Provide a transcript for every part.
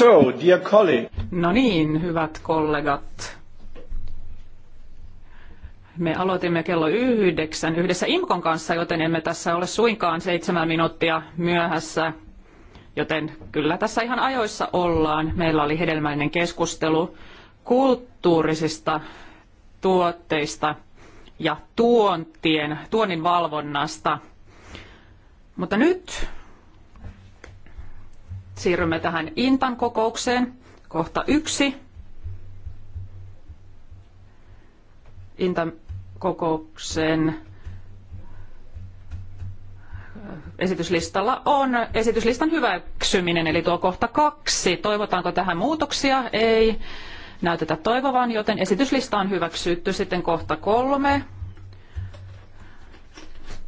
So, dear colleague. No niin, hyvät kollegat. Me aloitimme kello yhdeksän yhdessä Imkon kanssa, joten emme tässä ole suinkaan seitsemän minuuttia myöhässä. Joten kyllä tässä ihan ajoissa ollaan. Meillä oli hedelmällinen keskustelu kulttuurisista tuotteista ja tuontien, tuonnin valvonnasta. Mutta nyt Siirrymme tähän Intan kokoukseen, kohta yksi. Intan kokouksen äh, esityslistalla on esityslistan hyväksyminen, eli tuo kohta kaksi. Toivotaanko tähän muutoksia? Ei näytetä toivovan, joten esityslista on hyväksytty. Sitten kohta kolme.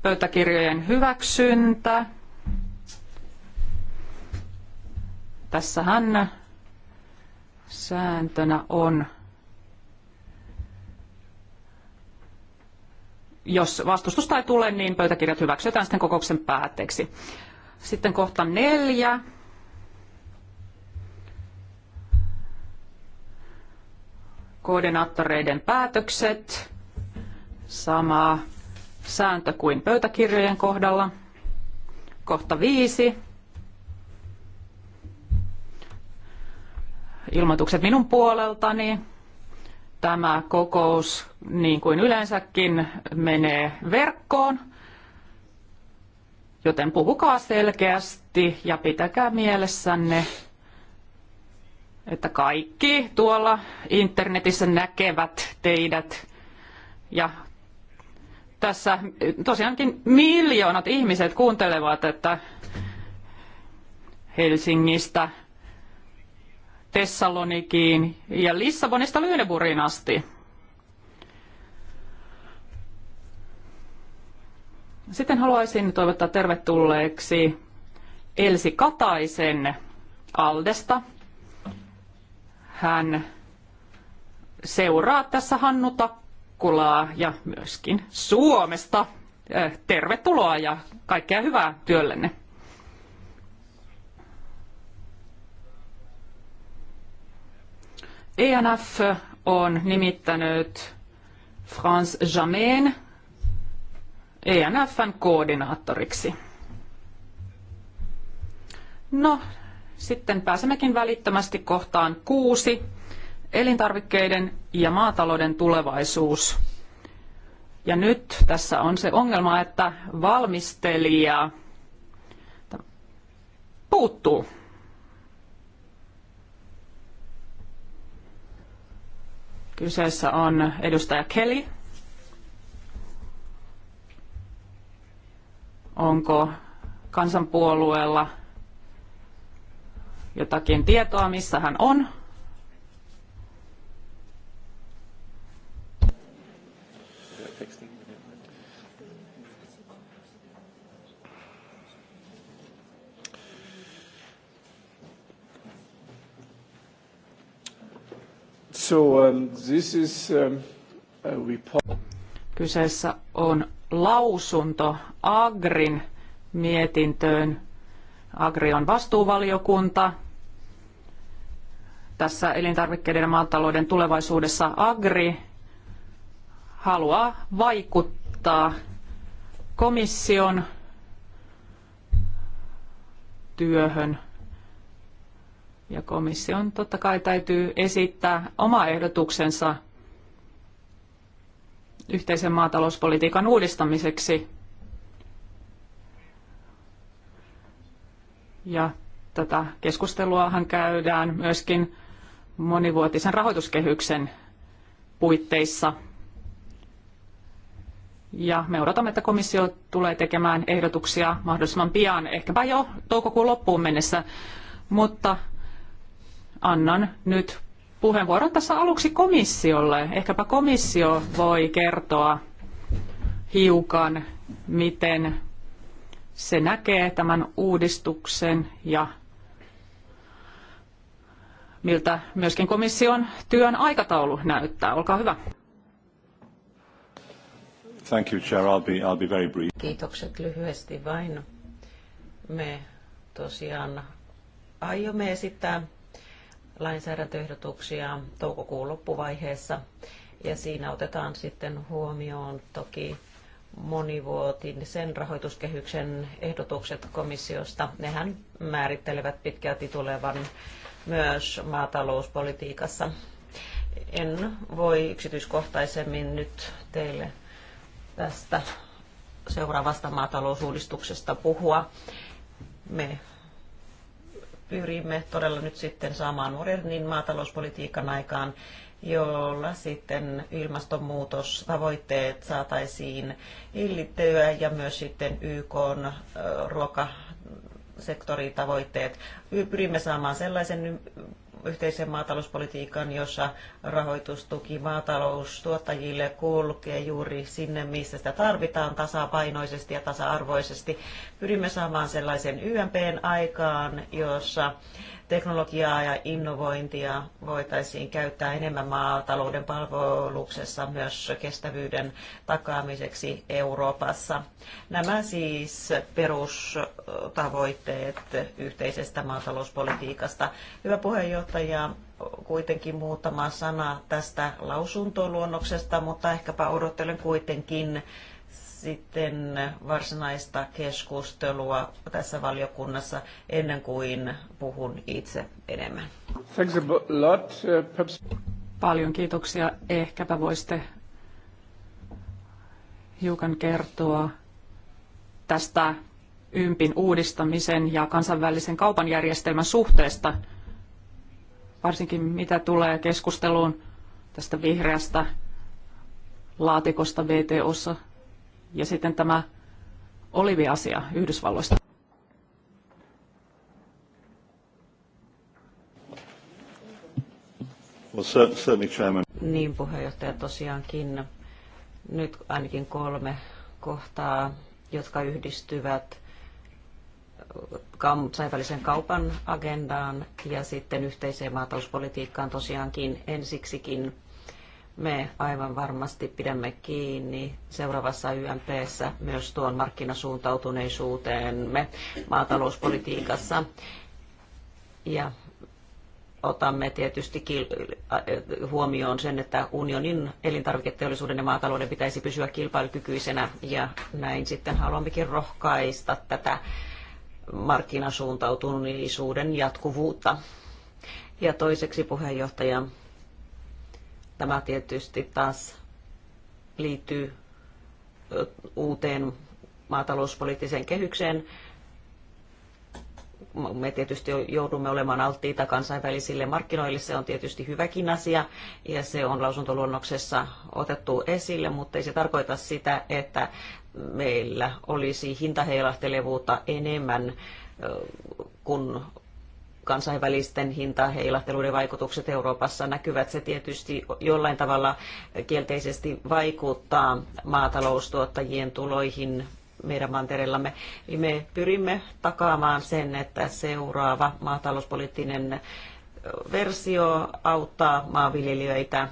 Pöytäkirjojen hyväksyntä. Tässähän sääntönä on, jos vastustusta ei tule, niin pöytäkirjat hyväksytään sitten kokouksen päätteeksi. Sitten kohta neljä. Koordinaattoreiden päätökset. Sama sääntö kuin pöytäkirjojen kohdalla. Kohta viisi. ilmoitukset minun puoleltani. Tämä kokous, niin kuin yleensäkin, menee verkkoon, joten puhukaa selkeästi ja pitäkää mielessänne, että kaikki tuolla internetissä näkevät teidät ja tässä tosiaankin miljoonat ihmiset kuuntelevat, että Helsingistä Tessalonikiin ja Lissabonista Lyneburiin asti. Sitten haluaisin toivottaa tervetulleeksi Elsi Kataisen Aldesta. Hän seuraa tässä Hannu Takkulaa ja myöskin Suomesta. Tervetuloa ja kaikkea hyvää työllenne. ENF on nimittänyt Frans Jameen ENFn koordinaattoriksi. No, sitten pääsemmekin välittömästi kohtaan kuusi, elintarvikkeiden ja maatalouden tulevaisuus. Ja nyt tässä on se ongelma, että valmistelija puuttuu Kyseessä on edustaja Kelly. Onko kansanpuolueella jotakin tietoa, missä hän on? So, um, this is, um, a report. Kyseessä on lausunto Agrin mietintöön. Agri on vastuuvaliokunta. Tässä elintarvikkeiden ja maatalouden tulevaisuudessa Agri haluaa vaikuttaa komission työhön ja komission totta kai täytyy esittää oma ehdotuksensa yhteisen maatalouspolitiikan uudistamiseksi. Ja tätä keskusteluahan käydään myöskin monivuotisen rahoituskehyksen puitteissa. Ja me odotamme, että komissio tulee tekemään ehdotuksia mahdollisimman pian, ehkäpä jo toukokuun loppuun mennessä. Mutta annan nyt puheenvuoron tässä aluksi komissiolle. Ehkäpä komissio voi kertoa hiukan, miten se näkee tämän uudistuksen ja miltä myöskin komission työn aikataulu näyttää. Olkaa hyvä. Thank you, Chair. I'll be, I'll be very brief. Kiitokset lyhyesti vain. Me tosiaan aiomme esittää lainsäädäntöehdotuksia toukokuun loppuvaiheessa ja siinä otetaan sitten huomioon toki sen rahoituskehyksen ehdotukset komissiosta. Nehän määrittelevät pitkälti tulevan myös maatalouspolitiikassa. En voi yksityiskohtaisemmin nyt teille tästä seuraavasta maatalousuudistuksesta puhua. Me pyrimme todella nyt sitten saamaan modernin maatalouspolitiikan aikaan, jolla sitten ilmastonmuutostavoitteet saataisiin hillittyä ja myös sitten YK tavoitteet. Pyrimme saamaan sellaisen yhteisen maatalouspolitiikan, jossa rahoitustuki maataloustuottajille kulkee juuri sinne, missä sitä tarvitaan tasapainoisesti ja tasa-arvoisesti. Pyrimme saamaan sellaisen YMPn aikaan, jossa teknologiaa ja innovointia voitaisiin käyttää enemmän maatalouden palveluksessa myös kestävyyden takaamiseksi Euroopassa. Nämä siis perustavoitteet yhteisestä maatalouspolitiikasta. Hyvä puheenjohtaja, kuitenkin muutama sana tästä lausuntoluonnoksesta, mutta ehkäpä odottelen kuitenkin sitten varsinaista keskustelua tässä valiokunnassa ennen kuin puhun itse enemmän. Thanks a lot. Paljon kiitoksia. Ehkäpä voisitte hiukan kertoa tästä ympin uudistamisen ja kansainvälisen kaupan järjestelmän suhteesta, varsinkin mitä tulee keskusteluun tästä vihreästä laatikosta VTOssa ja sitten tämä oliviasia Yhdysvalloista. Niin puheenjohtaja tosiaankin nyt ainakin kolme kohtaa, jotka yhdistyvät kansainvälisen kaupan agendaan ja sitten yhteiseen maatalouspolitiikkaan tosiaankin ensiksikin me aivan varmasti pidämme kiinni seuraavassa YMPssä myös tuon markkinasuuntautuneisuuteemme maatalouspolitiikassa. Ja otamme tietysti äh, huomioon sen, että unionin elintarviketeollisuuden ja maatalouden pitäisi pysyä kilpailukykyisenä ja näin sitten haluammekin rohkaista tätä markkinasuuntautuneisuuden jatkuvuutta. Ja toiseksi puheenjohtaja Tämä tietysti taas liittyy uuteen maatalouspoliittiseen kehykseen. Me tietysti joudumme olemaan alttiita kansainvälisille markkinoille, se on tietysti hyväkin asia ja se on lausuntoluonnoksessa otettu esille, mutta ei se tarkoita sitä, että meillä olisi hintaheilahtelevuutta enemmän kuin kansainvälisten hintaheilahteluiden vaikutukset Euroopassa näkyvät. Se tietysti jollain tavalla kielteisesti vaikuttaa maataloustuottajien tuloihin meidän mantereellamme. Me pyrimme takaamaan sen, että seuraava maatalouspoliittinen versio auttaa maanviljelijöitä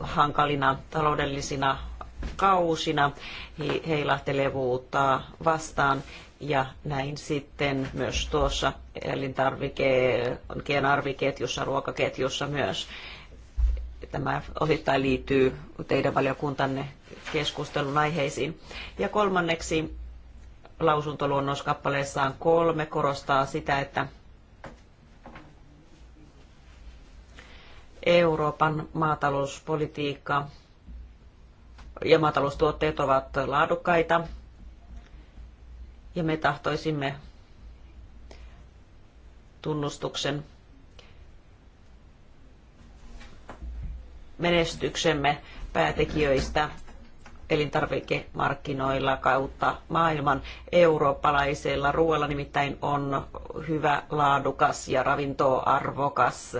hankalina taloudellisina kausina heilahtelevuutta vastaan ja näin sitten myös tuossa arviketjussa, ruokaketjussa myös. Tämä osittain liittyy teidän valiokuntanne keskustelun aiheisiin. Ja kolmanneksi lausuntoluonnos kappaleessaan kolme korostaa sitä, että Euroopan maatalouspolitiikka ja maataloustuotteet ovat laadukkaita ja me tahtoisimme tunnustuksen menestyksemme päätekijöistä elintarvikemarkkinoilla kautta maailman. Eurooppalaisella ruoalla nimittäin on hyvä, laadukas ja ravintoarvokas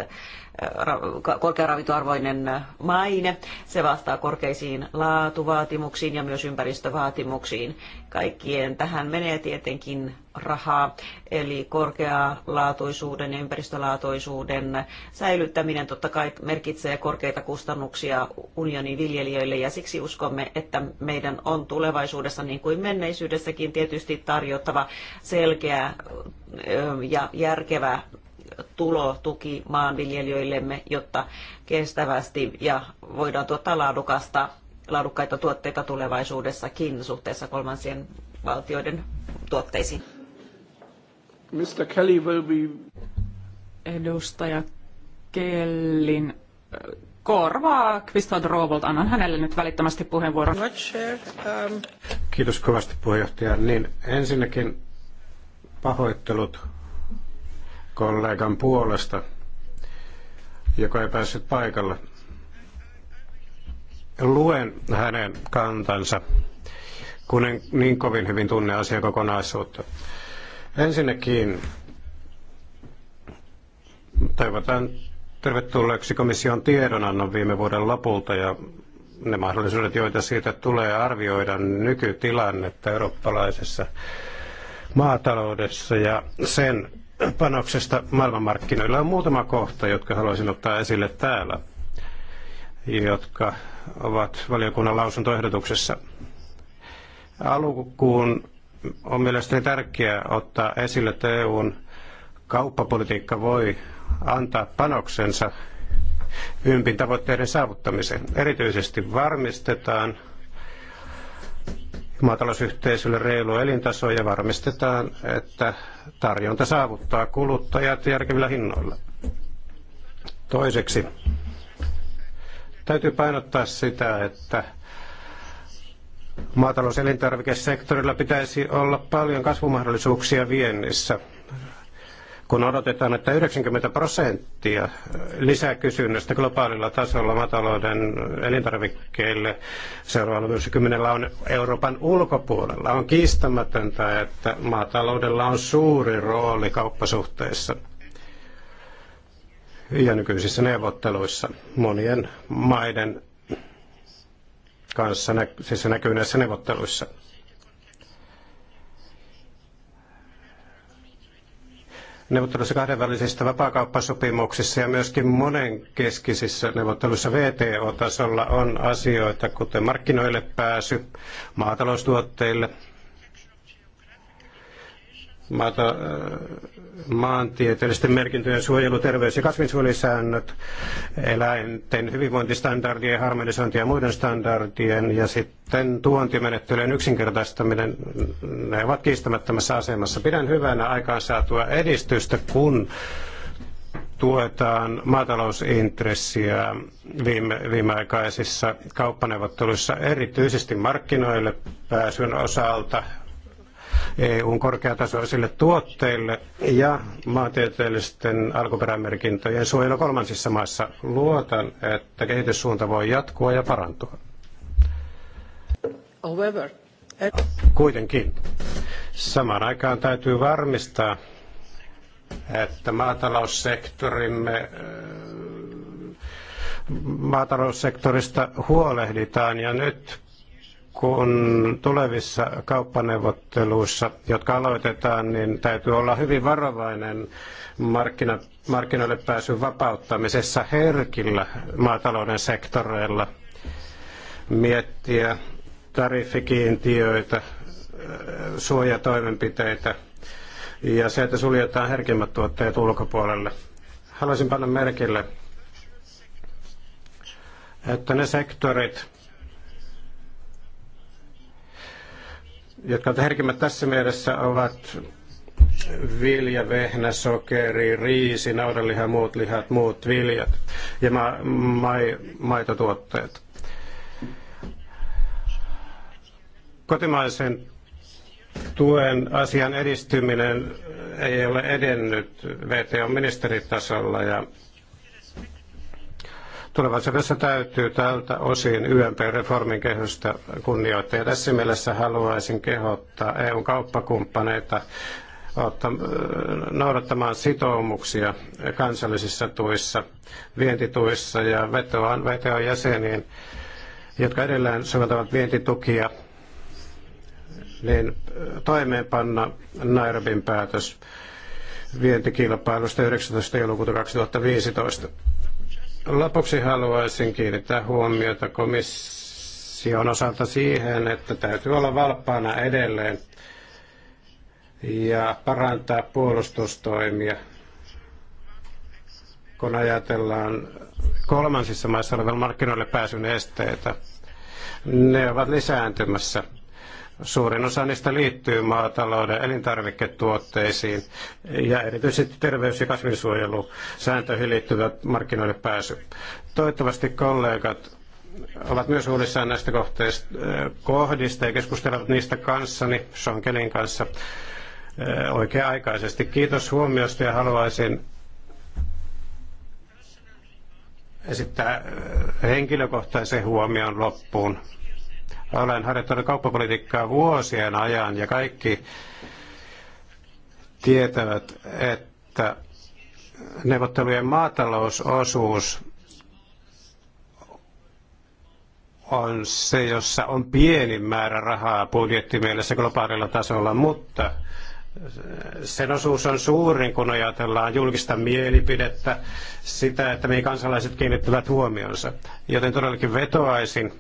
korkearavintoarvoinen maine. Se vastaa korkeisiin laatuvaatimuksiin ja myös ympäristövaatimuksiin. Kaikkien tähän menee tietenkin rahaa, eli korkealaatuisuuden ja ympäristölaatuisuuden säilyttäminen totta kai merkitsee korkeita kustannuksia unionin viljelijöille ja siksi uskomme, että meidän on tulevaisuudessa niin kuin menneisyydessäkin tietysti tarjottava selkeä ja järkevä tulotuki maanviljelijöillemme, jotta kestävästi ja voidaan tuottaa laadukasta, laadukkaita tuotteita tulevaisuudessakin suhteessa kolmansien valtioiden tuotteisiin. Mr. Kelly will be... Edustaja Kellin äh, korvaa Kvistod Rovolt. Annan hänelle nyt välittömästi puheenvuoron. Um, Kiitos kovasti puheenjohtaja. Niin ensinnäkin pahoittelut kollegan puolesta, joka ei päässyt paikalle. Luen hänen kantansa, kun en niin kovin hyvin tunne asiakokonaisuutta. Ensinnäkin toivotan tervetulleeksi komission tiedonannon viime vuoden lopulta ja ne mahdollisuudet, joita siitä tulee arvioida nykytilannetta eurooppalaisessa maataloudessa ja sen panoksesta maailmanmarkkinoilla on muutama kohta, jotka haluaisin ottaa esille täällä, jotka ovat valiokunnan lausuntoehdotuksessa. Alkuun on mielestäni tärkeää ottaa esille, että EUn kauppapolitiikka voi antaa panoksensa ympin tavoitteiden saavuttamiseen. Erityisesti varmistetaan maatalousyhteisölle reilu elintaso ja varmistetaan, että tarjonta saavuttaa kuluttajat järkevillä hinnoilla. Toiseksi täytyy painottaa sitä, että maatalouselintarvikesektorilla pitäisi olla paljon kasvumahdollisuuksia viennissä kun odotetaan, että 90 prosenttia lisäkysynnästä globaalilla tasolla maatalouden elintarvikkeille seuraavalla vuosikymmenellä on Euroopan ulkopuolella. On kiistämätöntä, että maataloudella on suuri rooli kauppasuhteissa ja nykyisissä neuvotteluissa monien maiden kanssa, siis se näkyy näissä neuvotteluissa. neuvotteluissa kahdenvälisistä vapaakauppasopimuksissa ja myöskin monenkeskisissä neuvotteluissa VTO-tasolla on asioita, kuten markkinoille pääsy maataloustuotteille – maata, äh, maantieteellisten merkintöjen suojelu, terveys- ja kasvinsuojelusäännöt, eläinten hyvinvointistandardien harmonisointi ja muiden standardien ja sitten tuontimenettelyjen yksinkertaistaminen, ne ovat kiistämättömässä asemassa. Pidän hyvänä aikaansaatua edistystä, kun tuetaan maatalousintressiä viime, viimeaikaisissa kauppaneuvotteluissa erityisesti markkinoille pääsyn osalta EUn korkeatasoisille tuotteille ja maantieteellisten alkuperämerkintöjen suojelu kolmansissa maissa. Luotan, että kehityssuunta voi jatkua ja parantua. Kuitenkin samaan aikaan täytyy varmistaa, että maataloussektorimme maataloussektorista huolehditaan ja nyt kun tulevissa kauppaneuvotteluissa, jotka aloitetaan, niin täytyy olla hyvin varovainen markkina, markkinoille pääsyn vapauttamisessa herkillä maatalouden sektoreilla miettiä tariffikiintiöitä, suojatoimenpiteitä ja se, että suljetaan herkimmät tuotteet ulkopuolelle. Haluaisin panna merkille, että ne sektorit, jotka ovat herkimmät tässä mielessä, ovat vilja, vehnä, sokeri, riisi, naudanliha, muut lihat, muut viljat ja ma- ma- maitotuotteet. Kotimaisen tuen asian edistyminen ei ole edennyt VTO-ministeritasolla ja Tulevaisuudessa täytyy tältä osin YMP-reformin kehystä kunnioittaa. Ja tässä mielessä haluaisin kehottaa EUn kauppakumppaneita noudattamaan sitoumuksia kansallisissa tuissa, vientituissa ja vetoan VTOn jäseniin, jotka edelleen soveltavat vientitukia, niin toimeenpanna Nairobin päätös vientikilpailusta 19. joulukuuta 2015. Lopuksi haluaisin kiinnittää huomiota komission osalta siihen, että täytyy olla valppaana edelleen ja parantaa puolustustoimia, kun ajatellaan kolmansissa maissa olevan markkinoille pääsyn esteitä. Ne ovat lisääntymässä Suurin osa niistä liittyy maatalouden elintarviketuotteisiin ja erityisesti terveys- ja kasvinsuojelusääntöihin liittyvät markkinoille pääsy. Toivottavasti kollegat ovat myös huolissaan näistä kohteista, äh, kohdista ja keskustelevat niistä kanssani, Sonkelin kanssa, äh, oikea-aikaisesti. Kiitos huomiosta ja haluaisin esittää äh, henkilökohtaisen huomion loppuun. Olen harjoittanut kauppapolitiikkaa vuosien ajan ja kaikki tietävät, että neuvottelujen maatalousosuus on se, jossa on pienin määrä rahaa budjettimielessä globaalilla tasolla, mutta sen osuus on suurin, kun ajatellaan julkista mielipidettä, sitä, että mihin kansalaiset kiinnittävät huomionsa. Joten todellakin vetoaisin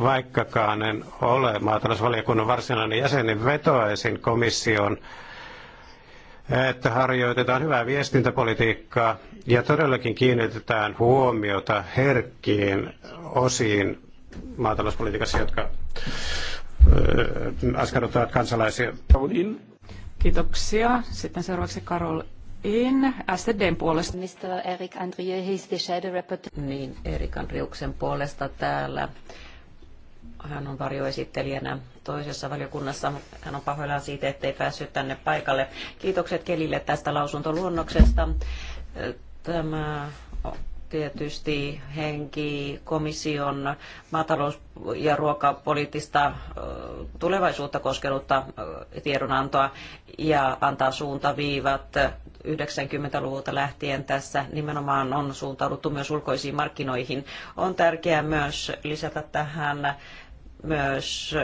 vaikkakaan en ole maatalousvaliokunnan varsinainen jäsen, niin vetoaisin komission, että harjoitetaan hyvää viestintäpolitiikkaa ja todellakin kiinnitetään huomiota herkkiin osiin maatalouspolitiikassa, jotka askarruttavat kansalaisia. Kiitoksia. Sitten seuraavaksi Karol In SDn puolesta. Mr. Erik Andrieu, he's the shadow rapporteur. Niin, Erik Andriuksen puolesta täällä hän on varjoesittelijänä toisessa valiokunnassa. Hän on pahoillaan siitä, ettei päässyt tänne paikalle. Kiitokset Kelille tästä lausuntoluonnoksesta. Tämä tietysti henki komission maatalous- ja ruokapoliittista tulevaisuutta koskenutta tiedonantoa ja antaa suuntaviivat 90-luvulta lähtien tässä nimenomaan on suuntauduttu myös ulkoisiin markkinoihin. On tärkeää myös lisätä tähän myös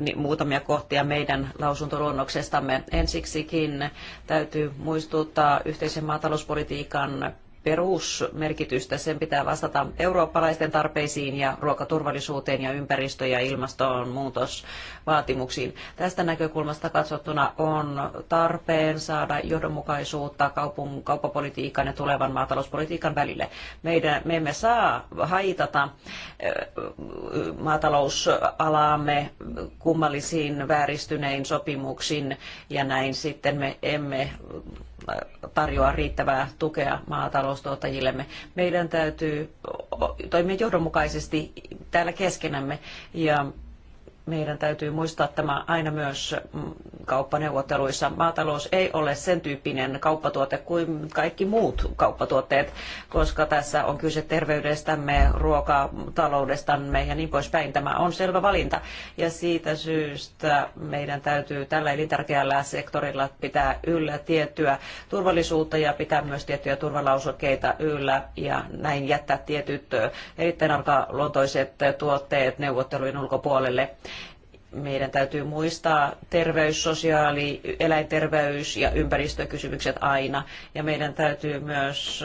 niin muutamia kohtia meidän lausuntoluonnoksestamme. Ensiksikin täytyy muistuttaa yhteisen maatalouspolitiikan perusmerkitystä. Sen pitää vastata eurooppalaisten tarpeisiin ja ruokaturvallisuuteen ja ympäristö- ja ilmastonmuutosvaatimuksiin. Tästä näkökulmasta katsottuna on tarpeen saada johdonmukaisuutta kaupun, kauppapolitiikan ja tulevan maatalouspolitiikan välille. Meidän, me emme saa haitata maatalousalaamme kummallisiin vääristynein sopimuksiin ja näin sitten me emme tarjoa riittävää tukea maataloustuottajillemme. Meidän täytyy toimia johdonmukaisesti täällä keskenämme ja meidän täytyy muistaa tämä aina myös kauppaneuvotteluissa. Maatalous ei ole sen tyyppinen kauppatuote kuin kaikki muut kauppatuotteet, koska tässä on kyse terveydestämme, ruokataloudestamme ja niin poispäin. Tämä on selvä valinta ja siitä syystä meidän täytyy tällä elintärkeällä sektorilla pitää yllä tiettyä turvallisuutta ja pitää myös tiettyjä turvalausukkeita yllä ja näin jättää tietyt erittäin arkaluontoiset tuotteet neuvottelujen ulkopuolelle meidän täytyy muistaa terveys, sosiaali, eläinterveys ja ympäristökysymykset aina. Ja meidän täytyy myös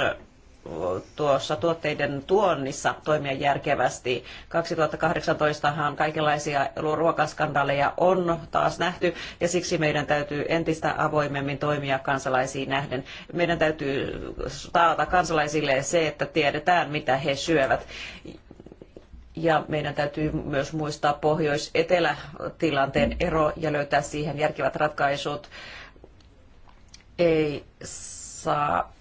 tuossa tuotteiden tuonnissa toimia järkevästi. 2018han kaikenlaisia ruokaskandaaleja on taas nähty ja siksi meidän täytyy entistä avoimemmin toimia kansalaisiin nähden. Meidän täytyy taata kansalaisille se, että tiedetään mitä he syövät. Ja meidän täytyy myös muistaa pohjois-etelä-tilanteen ero ja löytää siihen järkevät ratkaisut. Ei saa äh,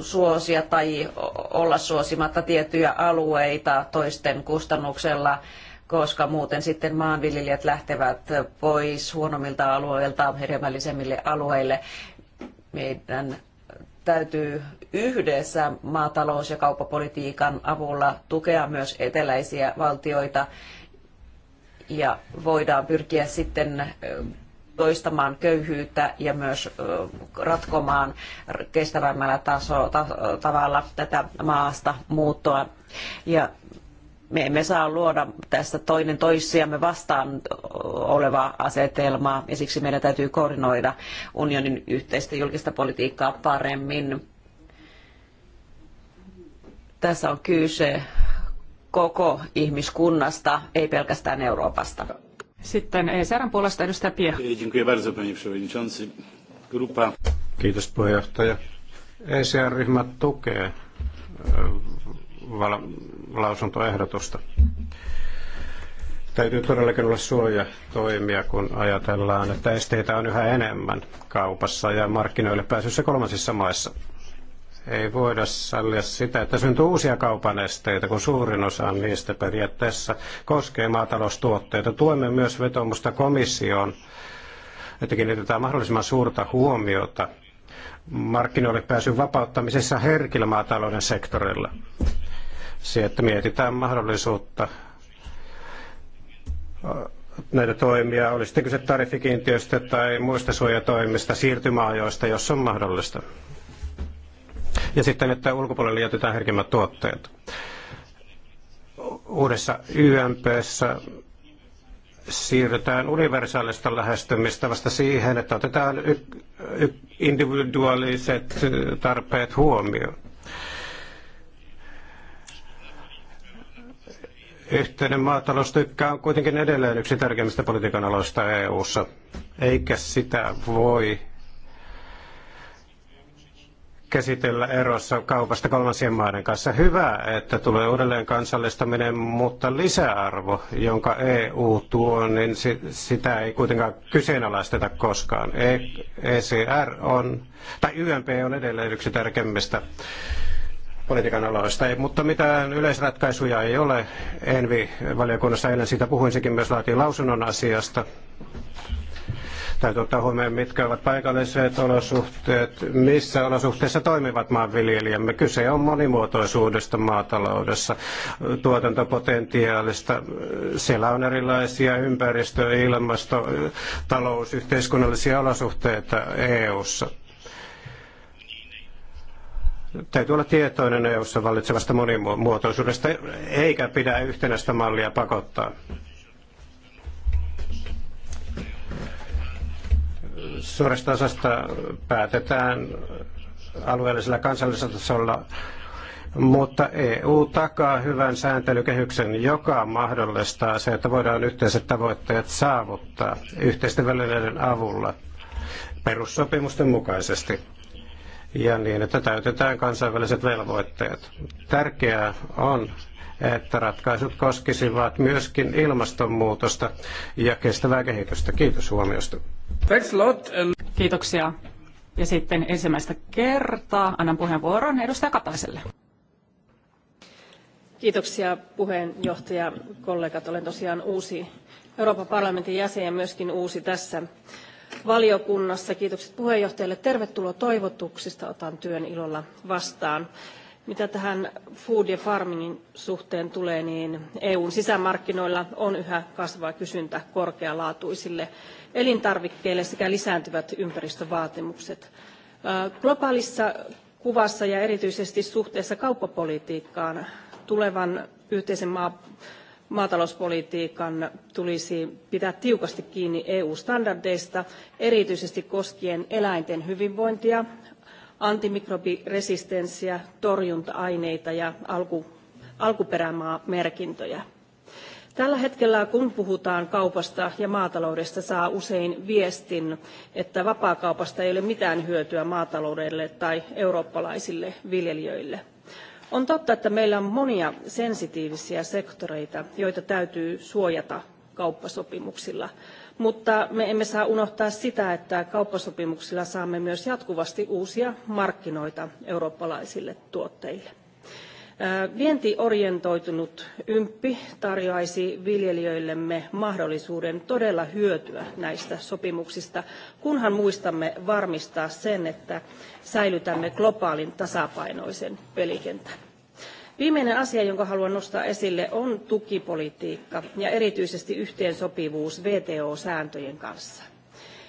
suosia tai olla suosimatta tiettyjä alueita toisten kustannuksella, koska muuten sitten maanviljelijät lähtevät pois huonommilta alueilta hedelmällisemmille alueille. Meidän täytyy yhdessä maatalous- ja kauppapolitiikan avulla tukea myös eteläisiä valtioita ja voidaan pyrkiä sitten toistamaan köyhyyttä ja myös ratkomaan kestävämmällä taso, ta, tavalla tätä maasta muuttoa. Ja me emme saa luoda tässä toinen toissiamme vastaan olevaa asetelmaa ja siksi meidän täytyy koordinoida unionin yhteistä julkista politiikkaa paremmin. Tässä on kyse koko ihmiskunnasta, ei pelkästään Euroopasta. Sitten ESRn puolesta edustaja Pia. Kiitos puheenjohtaja. ECR-ryhmä tukee val- lausuntoehdotusta. Täytyy todellakin olla suojatoimia, kun ajatellaan, että esteitä on yhä enemmän kaupassa ja markkinoille pääsyssä kolmansissa maissa. Ei voida sallia sitä, että syntyy uusia kaupan esteitä, kun suurin osa niistä periaatteessa koskee maataloustuotteita. Tuemme myös vetomusta komissioon, että kiinnitetään mahdollisimman suurta huomiota markkinoille pääsyn vapauttamisessa herkillä maatalouden sektorilla. Se, että mietitään mahdollisuutta näitä toimia, oli sitten kyse tarifikiintiöstä tai muista suojatoimista, siirtymäajoista, jos on mahdollista. Ja sitten, että ulkopuolelle jätetään herkemmät tuotteet. Uudessa YMPssä siirrytään universaalista lähestymistavasta siihen, että otetaan individuaaliset tarpeet huomioon. Yhteinen maataloustykkä on kuitenkin edelleen yksi tärkeimmistä politiikan aloista EU-ssa, eikä sitä voi käsitellä erossa kaupasta kolmansien maiden kanssa. Hyvä, että tulee uudelleen kansallistaminen, mutta lisäarvo, jonka EU tuo, niin sitä ei kuitenkaan kyseenalaisteta koskaan. ECR e on, tai YMP on edelleen yksi tärkeimmistä politiikan aloista, mutta mitään yleisratkaisuja ei ole. Envi-valiokunnassa eilen siitä puhuin, sekin myös laatii lausunnon asiasta. Täytyy ottaa huomioon, mitkä ovat paikalliset olosuhteet, missä olosuhteissa toimivat maanviljelijämme. Kyse on monimuotoisuudesta maataloudessa, tuotantopotentiaalista. Siellä on erilaisia ympäristö-, ilmasto-, talous-, yhteiskunnallisia olosuhteita EU-ssa täytyy olla tietoinen EU-ssa vallitsevasta monimuotoisuudesta, eikä pidä yhtenäistä mallia pakottaa. suuresta osasta päätetään alueellisella kansallisella tasolla, mutta EU takaa hyvän sääntelykehyksen, joka mahdollistaa se, että voidaan yhteiset tavoitteet saavuttaa yhteisten välineiden avulla perussopimusten mukaisesti ja niin, että täytetään kansainväliset velvoitteet. Tärkeää on, että ratkaisut koskisivat myöskin ilmastonmuutosta ja kestävää kehitystä. Kiitos huomiosta. Kiitoksia. Ja sitten ensimmäistä kertaa annan puheenvuoron edustaja Kataiselle. Kiitoksia puheenjohtaja, kollegat. Olen tosiaan uusi Euroopan parlamentin jäsen ja myöskin uusi tässä valiokunnassa. Kiitokset puheenjohtajalle. Tervetuloa toivotuksista. Otan työn ilolla vastaan. Mitä tähän food ja farmingin suhteen tulee, niin EUn sisämarkkinoilla on yhä kasvava kysyntä korkealaatuisille elintarvikkeille sekä lisääntyvät ympäristövaatimukset. Globaalissa kuvassa ja erityisesti suhteessa kauppapolitiikkaan tulevan yhteisen maa, maatalouspolitiikan tulisi pitää tiukasti kiinni EU-standardeista, erityisesti koskien eläinten hyvinvointia, antimikrobiresistenssiä, torjunta-aineita ja alku, alkuperämaamerkintöjä. Tällä hetkellä, kun puhutaan kaupasta ja maataloudesta, saa usein viestin, että vapaakaupasta ei ole mitään hyötyä maataloudelle tai eurooppalaisille viljelijöille. On totta, että meillä on monia sensitiivisiä sektoreita, joita täytyy suojata kauppasopimuksilla. Mutta me emme saa unohtaa sitä, että kauppasopimuksilla saamme myös jatkuvasti uusia markkinoita eurooppalaisille tuotteille. Vientiorientoitunut ymppi tarjoaisi viljelijöillemme mahdollisuuden todella hyötyä näistä sopimuksista, kunhan muistamme varmistaa sen, että säilytämme globaalin tasapainoisen pelikentän. Viimeinen asia, jonka haluan nostaa esille, on tukipolitiikka ja erityisesti yhteensopivuus VTO-sääntöjen kanssa.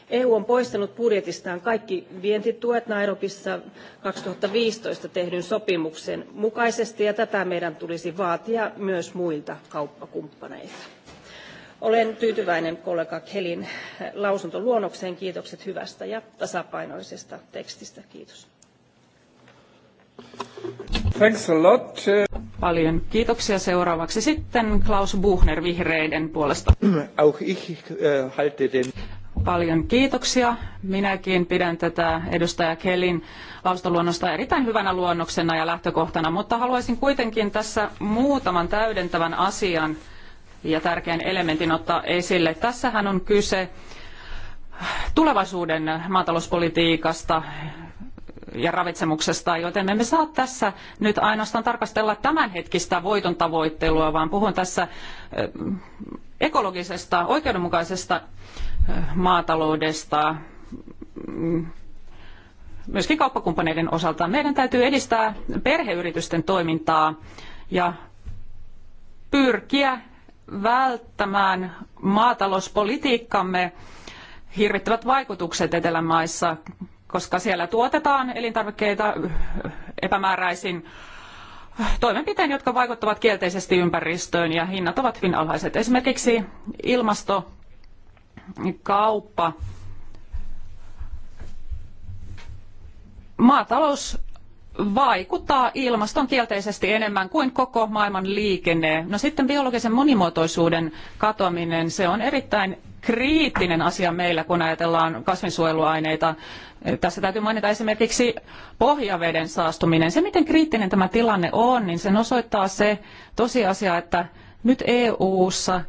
EU on poistanut budjetistaan kaikki vientituet Nairobissa 2015 tehdyn sopimuksen mukaisesti ja tätä meidän tulisi vaatia myös muilta kauppakumppaneilta. Olen tyytyväinen kollega Kelin äh, lausuntoluonnokseen. Kiitokset hyvästä ja tasapainoisesta tekstistä. Kiitos. Thanks a lot. Paljon kiitoksia. Seuraavaksi sitten Klaus Buchner vihreiden puolesta. Auch ich äh, halte den... Paljon kiitoksia. Minäkin pidän tätä edustaja Kelin lausuntoluonnosta erittäin hyvänä luonnoksena ja lähtökohtana, mutta haluaisin kuitenkin tässä muutaman täydentävän asian ja tärkeän elementin ottaa esille. Tässähän on kyse tulevaisuuden maatalouspolitiikasta ja ravitsemuksesta, joten me emme saa tässä nyt ainoastaan tarkastella tämänhetkistä voitontavoittelua, vaan puhun tässä ekologisesta, oikeudenmukaisesta maataloudesta mm, myöskin kauppakumppaneiden osalta. Meidän täytyy edistää perheyritysten toimintaa ja pyrkiä välttämään maatalouspolitiikkamme hirvittävät vaikutukset etelämaissa, koska siellä tuotetaan elintarvikkeita epämääräisin toimenpiteen, jotka vaikuttavat kielteisesti ympäristöön ja hinnat ovat hyvin alhaiset. Esimerkiksi ilmastokauppa. Maatalous vaikuttaa ilmaston kielteisesti enemmän kuin koko maailman liikenne. No sitten biologisen monimuotoisuuden katoaminen, se on erittäin kriittinen asia meillä, kun ajatellaan kasvinsuojeluaineita. Tässä täytyy mainita esimerkiksi pohjaveden saastuminen. Se, miten kriittinen tämä tilanne on, niin sen osoittaa se tosiasia, että nyt EU-ssa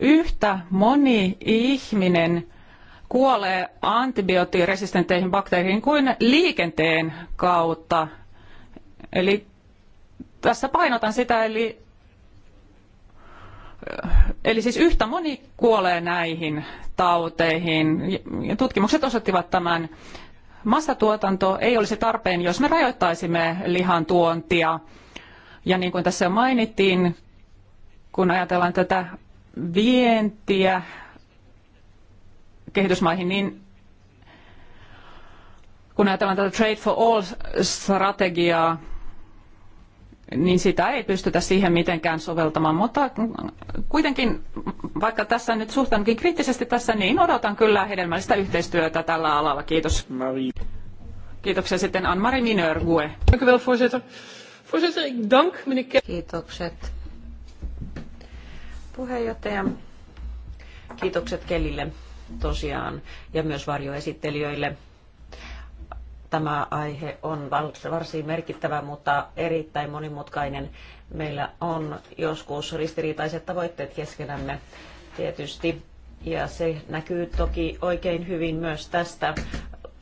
yhtä moni ihminen kuolee antibioottiresistenteihin bakteereihin kuin liikenteen kautta. Eli tässä painotan sitä, eli, eli siis yhtä moni kuolee näihin tauteihin. Tutkimukset osoittivat tämän massatuotanto ei olisi tarpeen, jos me rajoittaisimme lihan tuontia. Ja niin kuin tässä jo mainittiin, kun ajatellaan tätä vientiä kehitysmaihin, niin kun ajatellaan tätä Trade for All-strategiaa, niin sitä ei pystytä siihen mitenkään soveltamaan. Mutta kuitenkin, vaikka tässä nyt suhtaankin kriittisesti tässä, niin odotan kyllä hedelmällistä yhteistyötä tällä alalla. Kiitos. Marie. Kiitoksia sitten Anne-Marie Mineur, Kiitokset. Puheenjohtaja, kiitokset Kellille tosiaan ja myös varjoesittelijöille Tämä aihe on varsin merkittävä, mutta erittäin monimutkainen. Meillä on joskus ristiriitaiset tavoitteet keskenämme tietysti, ja se näkyy toki oikein hyvin myös tästä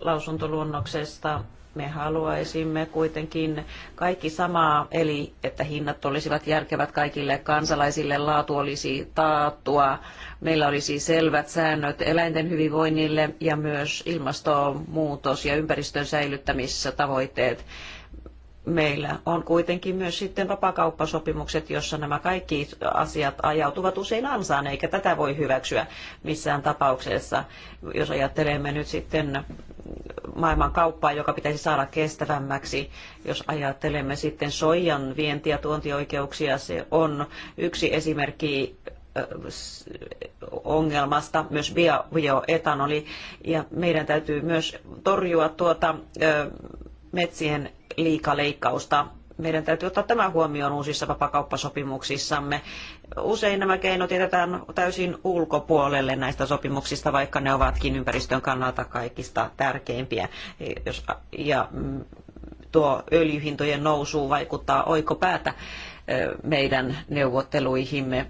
lausuntoluonnoksesta me haluaisimme kuitenkin kaikki samaa, eli että hinnat olisivat järkevät kaikille kansalaisille, laatu olisi taattua, meillä olisi selvät säännöt eläinten hyvinvoinnille ja myös ilmastonmuutos ja ympäristön säilyttämistavoitteet meillä on kuitenkin myös sitten vapakauppasopimukset, jossa nämä kaikki asiat ajautuvat usein ansaan, eikä tätä voi hyväksyä missään tapauksessa. Jos ajattelemme nyt sitten maailman kauppaa, joka pitäisi saada kestävämmäksi, jos ajattelemme sitten soijan vienti- ja tuontioikeuksia, se on yksi esimerkki ongelmasta, myös bio, bioetanoli, ja meidän täytyy myös torjua tuota metsien liikaleikkausta. Meidän täytyy ottaa tämä huomioon uusissa vapakauppasopimuksissamme. Usein nämä keinot jätetään täysin ulkopuolelle näistä sopimuksista, vaikka ne ovatkin ympäristön kannalta kaikista tärkeimpiä. Ja mm, tuo öljyhintojen nousu vaikuttaa oikopäätä meidän neuvotteluihimme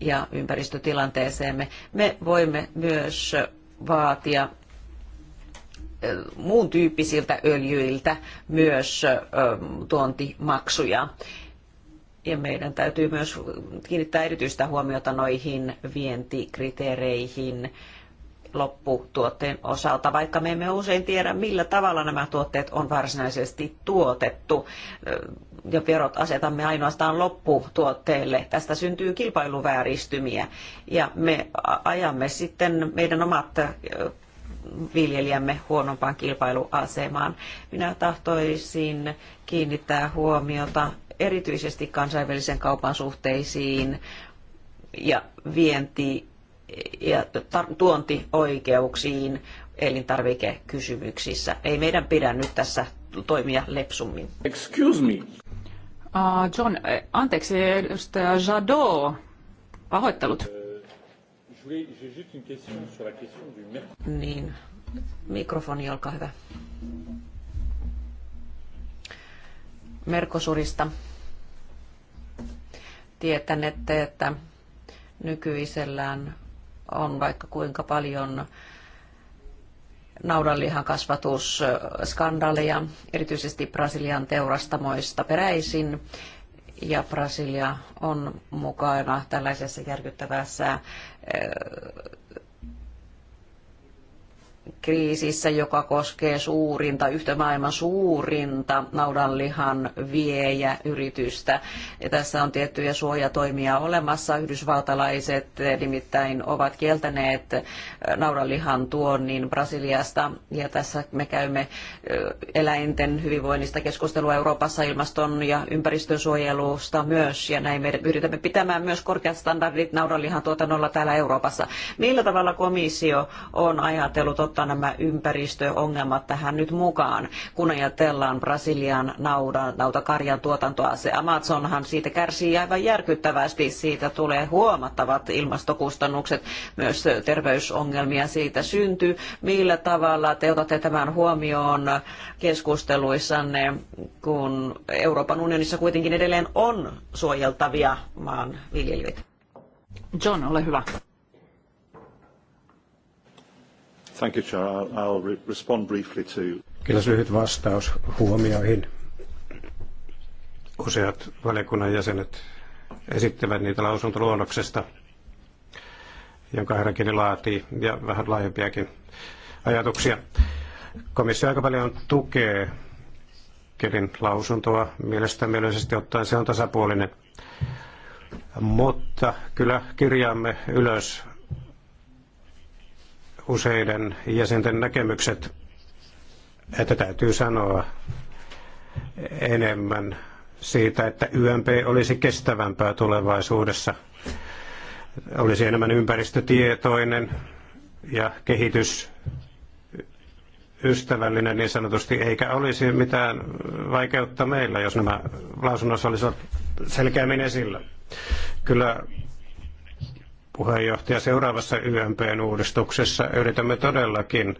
ja ympäristötilanteeseemme. Me voimme myös vaatia muun tyyppisiltä öljyiltä myös tuontimaksuja. Ja meidän täytyy myös kiinnittää erityistä huomiota noihin vientikriteereihin lopputuotteen osalta, vaikka me emme usein tiedä, millä tavalla nämä tuotteet on varsinaisesti tuotettu. Ja verot asetamme ainoastaan lopputuotteelle. Tästä syntyy kilpailuvääristymiä. Ja me ajamme sitten meidän omat viljelijämme huonompaan kilpailuasemaan. Minä tahtoisin kiinnittää huomiota erityisesti kansainvälisen kaupan suhteisiin ja vienti- ja tuontioikeuksiin elintarvikekysymyksissä. Ei meidän pidä nyt tässä toimia lepsummin. Excuse me. Uh, John, eh, anteeksi, edustaja Jadot, pahoittelut voulais, j'ai juste une question sur la question du Niin, mikrofoni, olkaa hyvä. Merkosurista. Tietänette, että nykyisellään on vaikka kuinka paljon naudanlihan kasvatusskandaaleja, erityisesti Brasilian teurastamoista peräisin. Ja Brasilia on mukana tällaisessa järkyttävässä eh, kriisissä, joka koskee suurinta, yhtä maailman suurinta naudanlihan viejäyritystä. Ja tässä on tiettyjä suojatoimia olemassa. Yhdysvaltalaiset nimittäin ovat kieltäneet naudanlihan tuonnin Brasiliasta. Ja tässä me käymme eläinten hyvinvoinnista keskustelua Euroopassa ilmaston ja ympäristönsuojelusta myös. Ja näin me yritämme pitämään myös korkeat standardit naudanlihan tuotannolla täällä Euroopassa. Millä tavalla komissio on ajatellut ottaa nämä ympäristöongelmat tähän nyt mukaan, kun ajatellaan Brasilian nautakarjan tuotantoa. Se Amazonhan siitä kärsii aivan järkyttävästi. Siitä tulee huomattavat ilmastokustannukset, myös terveysongelmia siitä syntyy. Millä tavalla te otatte tämän huomioon keskusteluissanne, kun Euroopan unionissa kuitenkin edelleen on suojeltavia maanviljelijöitä? John, ole hyvä. Thank you, Chair. I'll, I'll respond briefly to... Kyllä lyhyt vastaus huomioihin. Useat valiokunnan jäsenet esittävät niitä lausuntoluonnoksesta, jonka herrakin laatii, ja vähän laajempiakin ajatuksia. Komissio aika paljon tukee Kelin lausuntoa. Mielestäni yleisesti ottaen se on tasapuolinen. Mutta kyllä kirjaamme ylös useiden jäsenten näkemykset, että täytyy sanoa enemmän siitä, että YMP olisi kestävämpää tulevaisuudessa, olisi enemmän ympäristötietoinen ja kehitysystävällinen niin sanotusti, eikä olisi mitään vaikeutta meillä, jos nämä lausunnossa olisivat selkeämmin esillä. Kyllä puheenjohtaja, seuraavassa YMPn uudistuksessa yritämme todellakin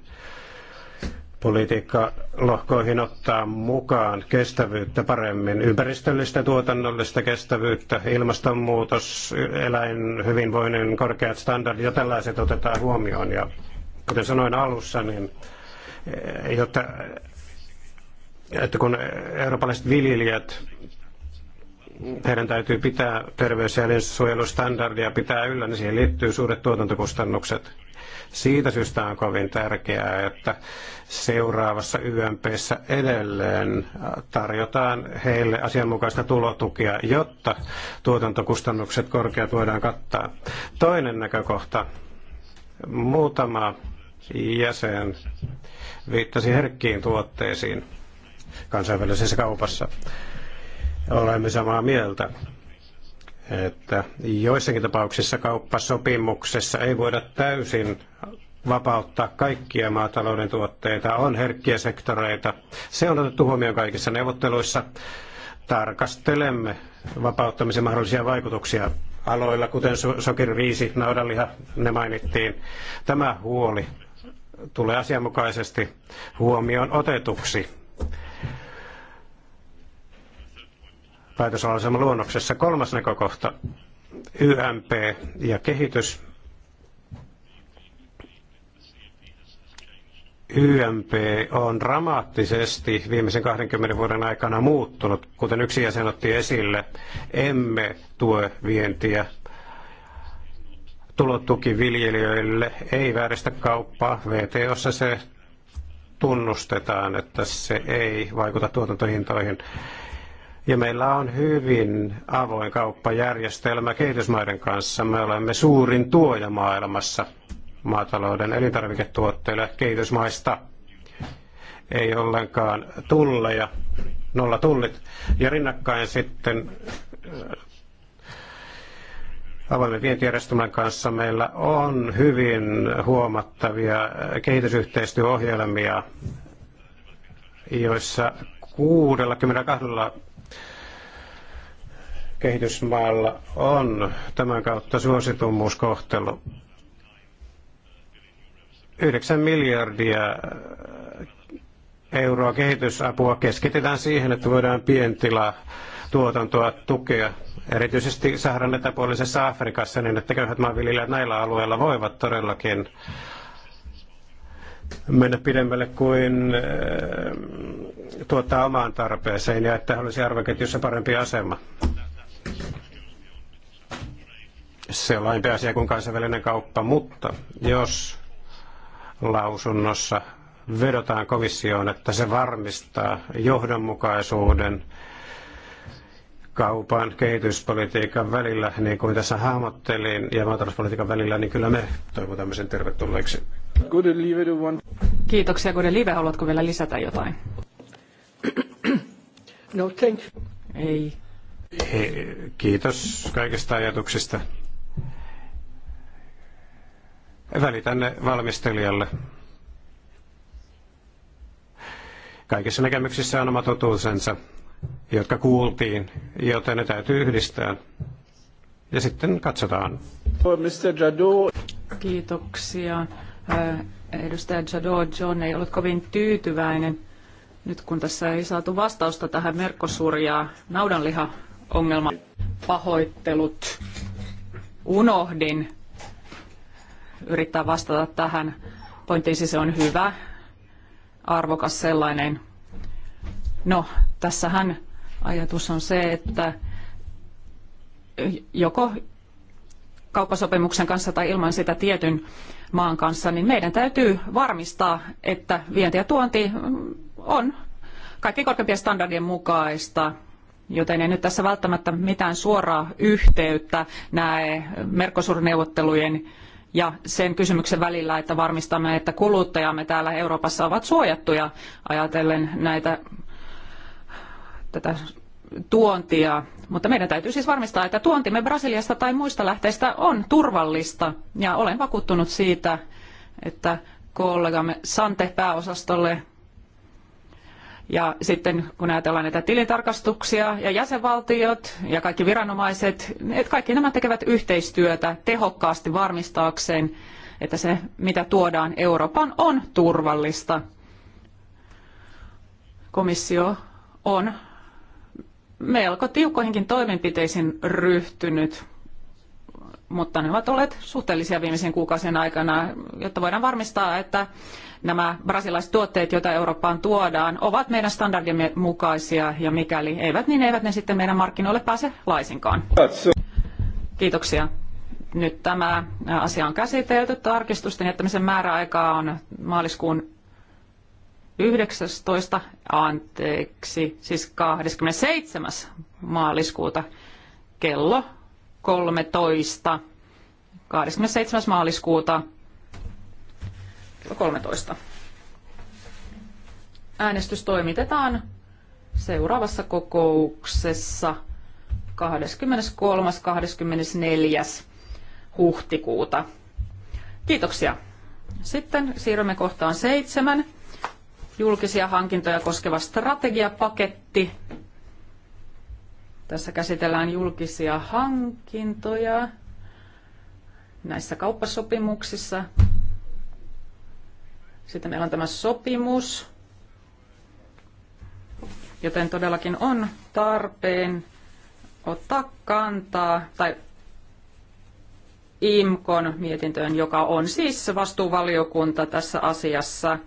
politiikkalohkoihin ottaa mukaan kestävyyttä paremmin, ympäristöllistä, tuotannollista kestävyyttä, ilmastonmuutos, eläinhyvinvoinnin korkeat standardit ja tällaiset otetaan huomioon. Ja kuten sanoin alussa, niin eh, jotta, että kun eurooppalaiset viljelijät heidän täytyy pitää terveys- ja elinsuojelustandardia pitää yllä, niin siihen liittyy suuret tuotantokustannukset. Siitä syystä on kovin tärkeää, että seuraavassa YMPssä edelleen tarjotaan heille asianmukaista tulotukia, jotta tuotantokustannukset korkeat voidaan kattaa. Toinen näkökohta. Muutama jäsen viittasi herkkiin tuotteisiin kansainvälisessä kaupassa. Olemme samaa mieltä, että joissakin tapauksissa kauppasopimuksessa ei voida täysin vapauttaa kaikkia maatalouden tuotteita, on herkkiä sektoreita. Se on otettu huomioon kaikissa neuvotteluissa. Tarkastelemme vapauttamisen mahdollisia vaikutuksia aloilla, kuten sokeri, riisi, naudanliha, ne mainittiin. Tämä huoli tulee asianmukaisesti huomioon otetuksi päätöslauselman luonnoksessa. Kolmas näkökohta, YMP ja kehitys. YMP on dramaattisesti viimeisen 20 vuoden aikana muuttunut. Kuten yksi jäsen otti esille, emme tue vientiä. Tulotuki viljelijöille ei vääristä kauppaa. VTOssa se tunnustetaan, että se ei vaikuta tuotantohintoihin. Ja meillä on hyvin avoin kauppajärjestelmä kehitysmaiden kanssa. Me olemme suurin tuoja maailmassa maatalouden elintarviketuotteille kehitysmaista. Ei ollenkaan tulleja, nolla tullit. Ja rinnakkain sitten äh, avoimen vientijärjestelmän kanssa meillä on hyvin huomattavia kehitysyhteistyöohjelmia, joissa 62 kehitysmaalla on tämän kautta suositummuuskohtelu. 9 miljardia äh, euroa kehitysapua keskitetään siihen, että voidaan pientila tuotantoa tukea, erityisesti Saharan etäpuolisessa Afrikassa, niin että köyhät maanviljelijät näillä alueilla voivat todellakin mennä pidemmälle kuin äh, tuottaa omaan tarpeeseen ja että olisi arvoketjussa parempi asema se on laajempi asia kuin kansainvälinen kauppa, mutta jos lausunnossa vedotaan komissioon, että se varmistaa johdonmukaisuuden kaupan kehityspolitiikan välillä, niin kuin tässä hahmottelin, ja maatalouspolitiikan välillä, niin kyllä me toivotamme sen tervetulleeksi. Kiitoksia, Kode Live. Haluatko vielä lisätä jotain? No, thank you. Ei. Kiitos kaikista ajatuksista välitänne valmistelijalle. Kaikissa näkemyksissä on oma totuusensa, jotka kuultiin, joten ne täytyy yhdistää. Ja sitten katsotaan. Kiitoksia. Äh, edustaja Jadot John ei ollut kovin tyytyväinen nyt kun tässä ei saatu vastausta tähän merkkosurjaa naudanliha-ongelmaan. Pahoittelut. Unohdin yrittää vastata tähän pointtiin. Siis se on hyvä, arvokas sellainen. No, tässähän ajatus on se, että joko kauppasopimuksen kanssa tai ilman sitä tietyn maan kanssa, niin meidän täytyy varmistaa, että vienti ja tuonti on kaikki korkeimpien standardien mukaista. Joten en nyt tässä välttämättä mitään suoraa yhteyttä näe Mercosur-neuvottelujen ja sen kysymyksen välillä, että varmistamme, että kuluttajamme täällä Euroopassa ovat suojattuja ajatellen näitä tätä tuontia. Mutta meidän täytyy siis varmistaa, että tuontimme Brasiliasta tai muista lähteistä on turvallista. Ja olen vakuuttunut siitä, että kollegamme Sante pääosastolle ja sitten kun ajatellaan näitä tilintarkastuksia ja jäsenvaltiot ja kaikki viranomaiset, että kaikki nämä tekevät yhteistyötä tehokkaasti varmistaakseen, että se mitä tuodaan Euroopan on turvallista. Komissio on melko tiukkoihinkin toimenpiteisiin ryhtynyt mutta ne ovat olleet suhteellisia viimeisen kuukausien aikana, jotta voidaan varmistaa, että nämä brasilaiset tuotteet, joita Eurooppaan tuodaan, ovat meidän standardimme mukaisia ja mikäli eivät, niin eivät ne sitten meidän markkinoille pääse laisinkaan. Kiitoksia. Nyt tämä asia on käsitelty. Tarkistusten jättämisen määräaika on maaliskuun 19. anteeksi, siis 27. maaliskuuta kello 13. 27. maaliskuuta kello 13. Äänestys toimitetaan seuraavassa kokouksessa 23. 24. huhtikuuta. Kiitoksia. Sitten siirrymme kohtaan seitsemän. Julkisia hankintoja koskeva strategiapaketti. Tässä käsitellään julkisia hankintoja näissä kauppasopimuksissa. Sitten meillä on tämä sopimus, joten todellakin on tarpeen ottaa kantaa tai IMKON mietintöön, joka on siis vastuuvaliokunta tässä asiassa –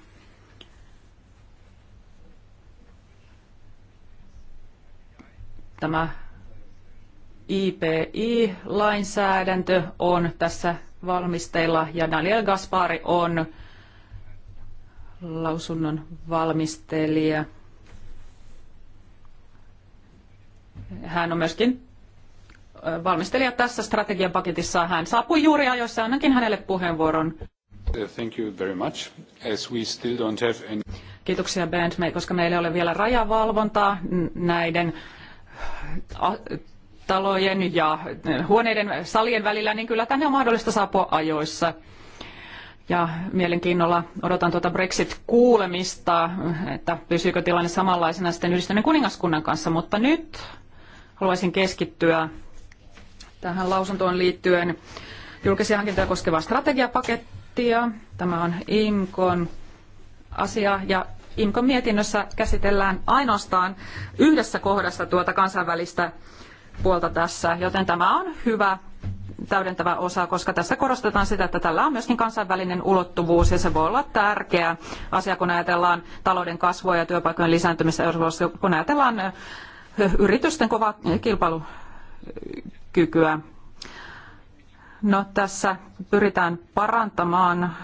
Tämä IPI-lainsäädäntö on tässä valmisteilla ja Daniel Gaspari on lausunnon valmistelija. Hän on myöskin valmistelija tässä strategiapaketissa. Hän saapui juuri ajoissa, annankin hänelle puheenvuoron. Thank you very much. As we still don't have any... Kiitoksia Bernd, koska meillä ei ole vielä rajavalvontaa näiden talojen ja huoneiden salien välillä, niin kyllä tänne on mahdollista saapua ajoissa. Ja mielenkiinnolla odotan tuota Brexit-kuulemista, että pysyykö tilanne samanlaisena sitten yhdistyneen kuningaskunnan kanssa, mutta nyt haluaisin keskittyä tähän lausuntoon liittyen julkisia hankintoja koskevaa strategiapakettia. Tämä on IMKON asia ja IMKon mietinnössä käsitellään ainoastaan yhdessä kohdassa tuota kansainvälistä puolta tässä, joten tämä on hyvä täydentävä osa, koska tässä korostetaan sitä, että tällä on myöskin kansainvälinen ulottuvuus ja se voi olla tärkeä asia, kun ajatellaan talouden kasvua ja työpaikkojen lisääntymistä Euroopassa, kun ajatellaan yritysten kovaa kilpailukykyä. No tässä pyritään parantamaan,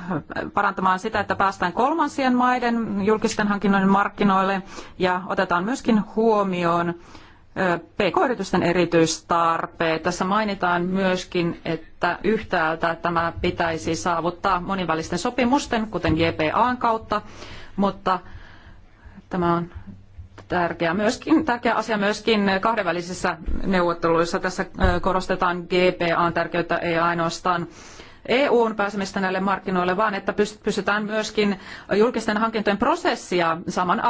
parantamaan sitä, että päästään kolmansien maiden julkisten hankinnoiden markkinoille ja otetaan myöskin huomioon PK-yritysten erityistarpeet. Tässä mainitaan myöskin, että yhtäältä tämä pitäisi saavuttaa monivälisten sopimusten, kuten GPAn kautta, mutta tämä on tärkeä, myöskin, tärkeä asia myöskin kahdenvälisissä neuvotteluissa. Tässä korostetaan GPAn tärkeyttä ei ainoastaan EUn pääsemistä näille markkinoille, vaan että pystytään myöskin julkisten hankintojen prosessia saamaan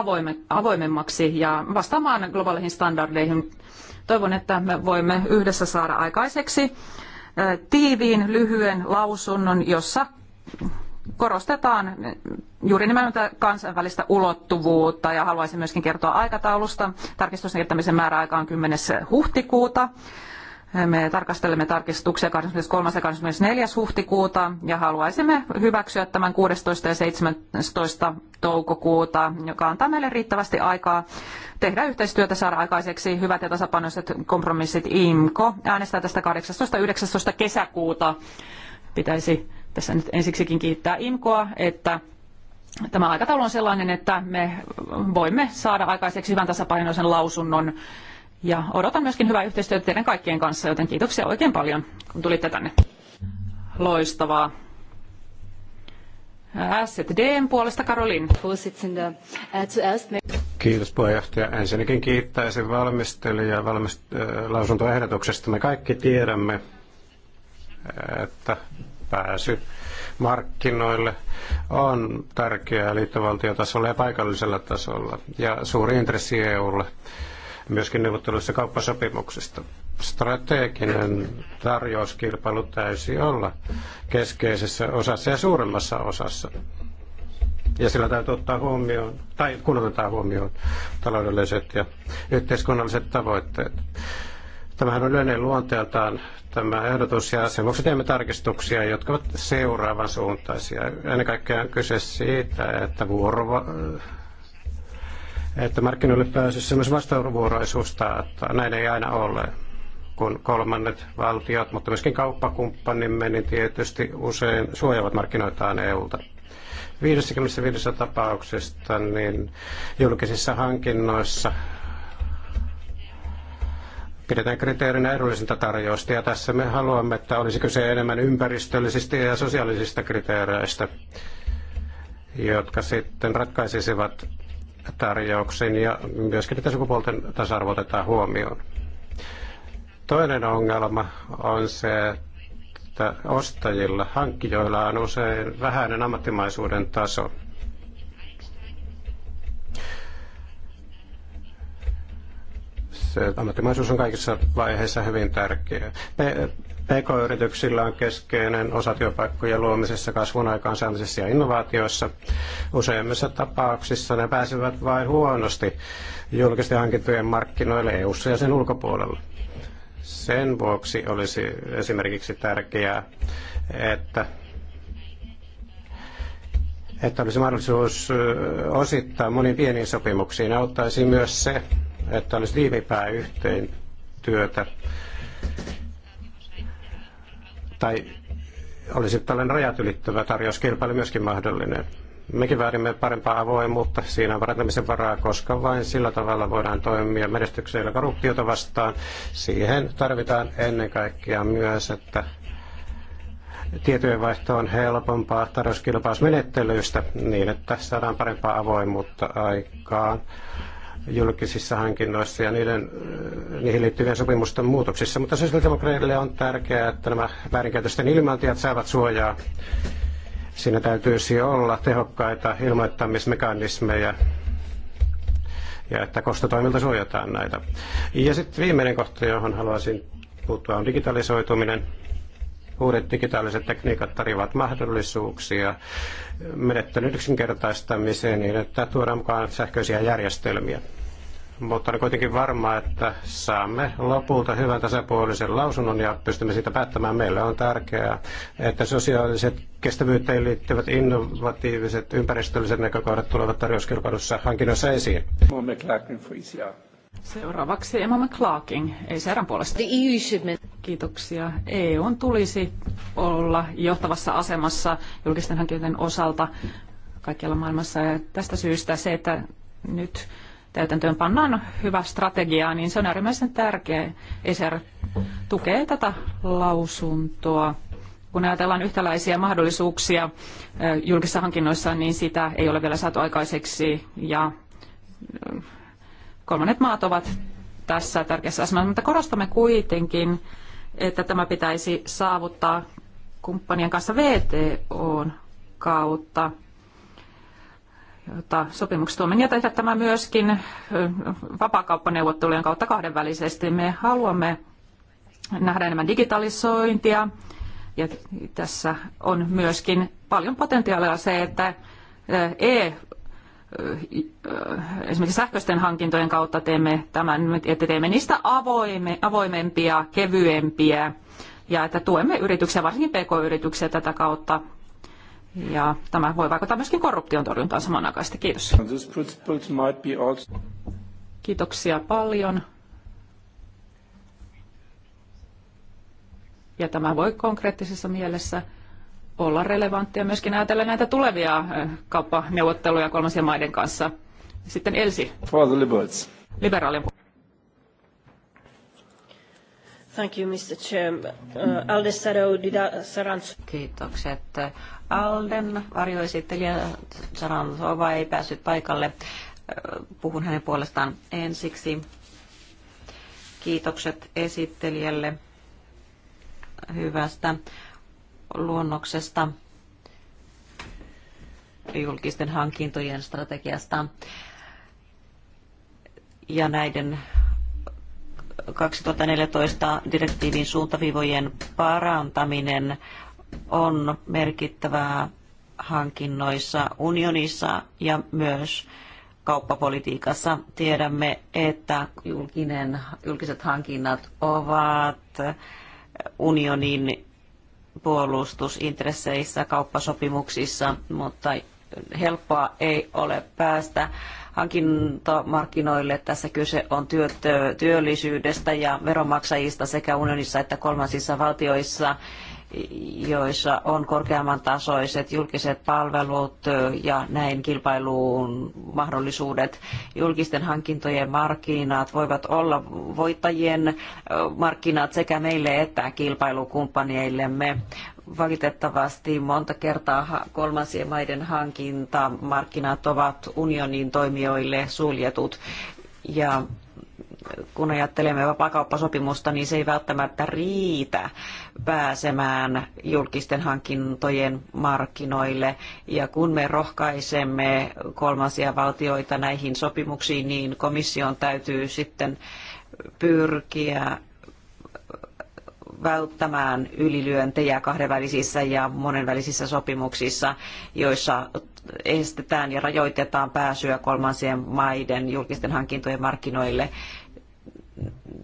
avoimemmaksi ja vastaamaan globaaleihin standardeihin. Toivon, että me voimme yhdessä saada aikaiseksi tiiviin, lyhyen lausunnon, jossa korostetaan juuri nimenomaan kansainvälistä ulottuvuutta ja haluaisin myöskin kertoa aikataulusta. Tarkistusten kirjoittamisen määräaika on 10. huhtikuuta. Me tarkastelemme tarkistuksia 23. ja 24. huhtikuuta ja haluaisimme hyväksyä tämän 16. ja 17. toukokuuta, joka antaa meille riittävästi aikaa tehdä yhteistyötä, saada aikaiseksi hyvät ja tasapainoiset kompromissit IMKO. Äänestää tästä 18. ja 19. kesäkuuta pitäisi tässä nyt ensiksikin kiittää IMKOa, että tämä aikataulu on sellainen, että me voimme saada aikaiseksi hyvän tasapainoisen lausunnon. Ja odotan myöskin hyvää yhteistyötä teidän kaikkien kanssa, joten kiitoksia oikein paljon, kun tulitte tänne. Loistavaa. SDN puolesta Karolin. Eh, Kiitos puheenjohtaja. Ensinnäkin kiittäisin valmistelijaa valmist- eh, lausuntoehdotuksesta. Me kaikki tiedämme, että pääsy markkinoille on tärkeää liittovaltiotasolla ja paikallisella tasolla ja suuri intressi EUlle myöskin neuvotteluissa kauppasopimuksista. Strateginen tarjouskilpailu täysi olla keskeisessä osassa ja suuremmassa osassa. Ja sillä täytyy ottaa huomioon, tai kun otetaan huomioon taloudelliset ja yhteiskunnalliset tavoitteet. Tämähän on yleinen luonteeltaan tämä ehdotus ja sen vuoksi teemme tarkistuksia, jotka ovat seuraavan suuntaisia. Ennen kaikkea on kyse siitä, että vuorova, että markkinoille pääsyssä myös vastavuoroisuus taattaa. Näin ei aina ole, kun kolmannet valtiot, mutta myöskin kauppakumppanimme, niin tietysti usein suojaavat markkinoitaan EUlta. 55 tapauksesta niin julkisissa hankinnoissa pidetään kriteerinä edullisinta tarjousta. Ja tässä me haluamme, että olisi kyse enemmän ympäristöllisistä ja sosiaalisista kriteereistä, jotka sitten ratkaisisivat tarjouksen ja myöskin että sukupuolten tasa-arvo otetaan huomioon. Toinen ongelma on se, että ostajilla, hankkijoilla on usein vähäinen ammattimaisuuden taso. se ammattimaisuus on kaikissa vaiheissa hyvin tärkeää. PK-yrityksillä on keskeinen osa työpaikkojen luomisessa, kasvun aikaansaamisessa ja innovaatioissa. Useimmissa tapauksissa ne pääsevät vain huonosti julkisten hankintojen markkinoille EU-ssa ja sen ulkopuolella. Sen vuoksi olisi esimerkiksi tärkeää, että että olisi mahdollisuus osittaa moniin pieniin sopimuksiin. Auttaisi myös se, että olisi tiimipää yhteen työtä tai olisi tällainen rajat ylittävä tarjouskilpailu myöskin mahdollinen. Mekin vaadimme parempaa avoimuutta, siinä on parantamisen varaa, koska vain sillä tavalla voidaan toimia menestyksellä korruptiota vastaan. Siihen tarvitaan ennen kaikkea myös, että tietojenvaihto on helpompaa tarjouskilpausmenettelyistä niin, että saadaan parempaa avoimuutta aikaan julkisissa hankinnoissa ja niiden, äh, niihin liittyvien sopimusten muutoksissa. Mutta sosiaalidemokraatille on tärkeää, että nämä väärinkäytösten ilmaantijat saavat suojaa. Siinä täytyisi olla tehokkaita ilmoittamismekanismeja ja että kostotoimilta suojataan näitä. Ja sitten viimeinen kohta, johon haluaisin puuttua, on digitalisoituminen. Uudet digitaaliset tekniikat tarjoavat mahdollisuuksia menettelyn yksinkertaistamiseen niin, että tuodaan mukaan sähköisiä järjestelmiä. Mutta olen kuitenkin varma, että saamme lopulta hyvän tasapuolisen lausunnon ja pystymme siitä päättämään. Meille on tärkeää, että sosiaaliset kestävyyteen liittyvät innovatiiviset ympäristölliset näkökohdat tulevat tarjouskilpailussa hankinnoissa esiin. Seuraavaksi Emma McClarkin, ECRn puolesta. The EU should... Kiitoksia. EUn tulisi olla johtavassa asemassa julkisten hankintojen osalta kaikkialla maailmassa. Ja tästä syystä se, että nyt täytäntöön pannaan hyvä strategia, niin se on äärimmäisen tärkeä. ESER tukee tätä lausuntoa. Kun ajatellaan yhtäläisiä mahdollisuuksia julkisissa hankinnoissa, niin sitä ei ole vielä saatu aikaiseksi. Ja kolmannet maat ovat tässä tärkeässä asemassa, mutta korostamme kuitenkin, että tämä pitäisi saavuttaa kumppanien kanssa VTOn kautta, jota sopimukset tuomme, ja tehdä tämä myöskin vapaakauppaneuvottelujen kautta kahdenvälisesti. Me haluamme nähdä enemmän digitalisointia, ja tässä on myöskin paljon potentiaalia se, että e esimerkiksi sähköisten hankintojen kautta teemme tämän, että teemme niistä avoime, avoimempia, kevyempiä ja että tuemme yrityksiä, varsinkin pk-yrityksiä tätä kautta. Ja tämä voi vaikuttaa myöskin korruption torjuntaan samanaikaisesti. Kiitos. Kiitoksia paljon. Ja tämä voi konkreettisessa mielessä olla relevanttia myöskin ajatella näitä tulevia eh, kauppaneuvotteluja kolmansien maiden kanssa. Sitten Elsi. For the liberals. Liberaalien Thank you, Mr. Chair. Uh, Alde Sarantso. Kiitokset. Alden varjoesittelijä Sarantsova ei päässyt paikalle. Uh, puhun hänen puolestaan ensiksi. Kiitokset esittelijälle hyvästä luonnoksesta julkisten hankintojen strategiasta ja näiden 2014 direktiivin suuntaviivojen parantaminen on merkittävää hankinnoissa unionissa ja myös kauppapolitiikassa. Tiedämme, että julkinen, julkiset hankinnat ovat unionin puolustusintresseissä, kauppasopimuksissa, mutta helppoa ei ole päästä hankintamarkkinoille. Tässä kyse on työllisyydestä ja veronmaksajista sekä unionissa että kolmansissa valtioissa joissa on korkeamman tasoiset julkiset palvelut ja näin kilpailuun mahdollisuudet. Julkisten hankintojen markkinat voivat olla voittajien markkinat sekä meille että kilpailukumppaneillemme valitettavasti monta kertaa kolmansien maiden hankintamarkkinat ovat unionin toimijoille suljetut. Ja kun ajattelemme vapaakauppasopimusta, niin se ei välttämättä riitä pääsemään julkisten hankintojen markkinoille. Ja kun me rohkaisemme kolmansia valtioita näihin sopimuksiin, niin komission täytyy sitten pyrkiä välttämään ylilyöntejä kahdenvälisissä ja monenvälisissä sopimuksissa, joissa estetään ja rajoitetaan pääsyä kolmansien maiden julkisten hankintojen markkinoille.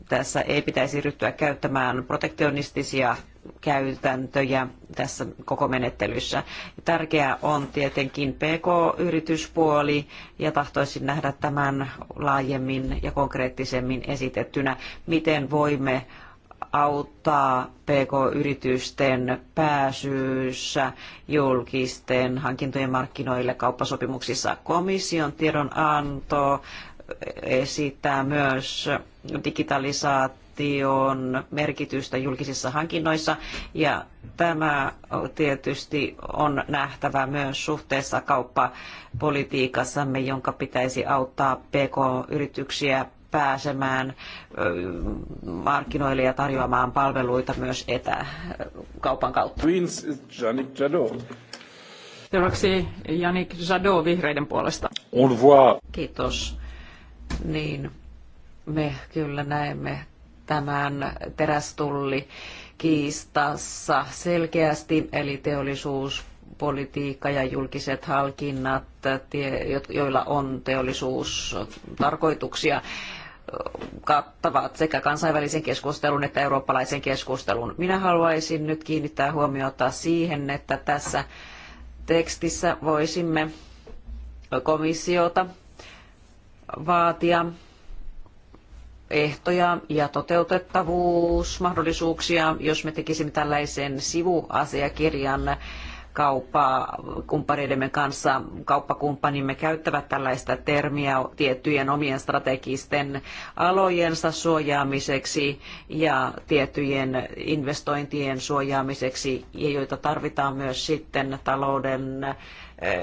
Tässä ei pitäisi ryhtyä käyttämään protektionistisia käytäntöjä tässä koko menettelyssä. Tärkeää on tietenkin PK-yrityspuoli ja tahtoisin nähdä tämän laajemmin ja konkreettisemmin esitettynä, miten voimme auttaa PK-yritysten pääsyssä julkisten hankintojen markkinoille kauppasopimuksissa. Komission tiedonanto esittää myös digitalisaation merkitystä julkisissa hankinnoissa ja tämä tietysti on nähtävä myös suhteessa kauppapolitiikassamme, jonka pitäisi auttaa pk-yrityksiä pääsemään markkinoille ja tarjoamaan palveluita myös etäkaupan kautta. Janik Jadot. Seuraavaksi Janik Jadot vihreiden puolesta. On voi. Kiitos. Niin, me kyllä näemme tämän terästulli kiistassa selkeästi, eli teollisuus politiikka ja julkiset halkinnat, joilla on teollisuustarkoituksia, kattavat sekä kansainvälisen keskustelun että eurooppalaisen keskustelun. Minä haluaisin nyt kiinnittää huomiota siihen, että tässä tekstissä voisimme komissiota vaatia ehtoja ja toteutettavuusmahdollisuuksia, jos me tekisimme tällaisen sivuasiakirjan kauppaa kumppaneidemme kanssa. Kauppakumppanimme käyttävät tällaista termiä tiettyjen omien strategisten alojensa suojaamiseksi ja tiettyjen investointien suojaamiseksi, ja joita tarvitaan myös sitten talouden eh,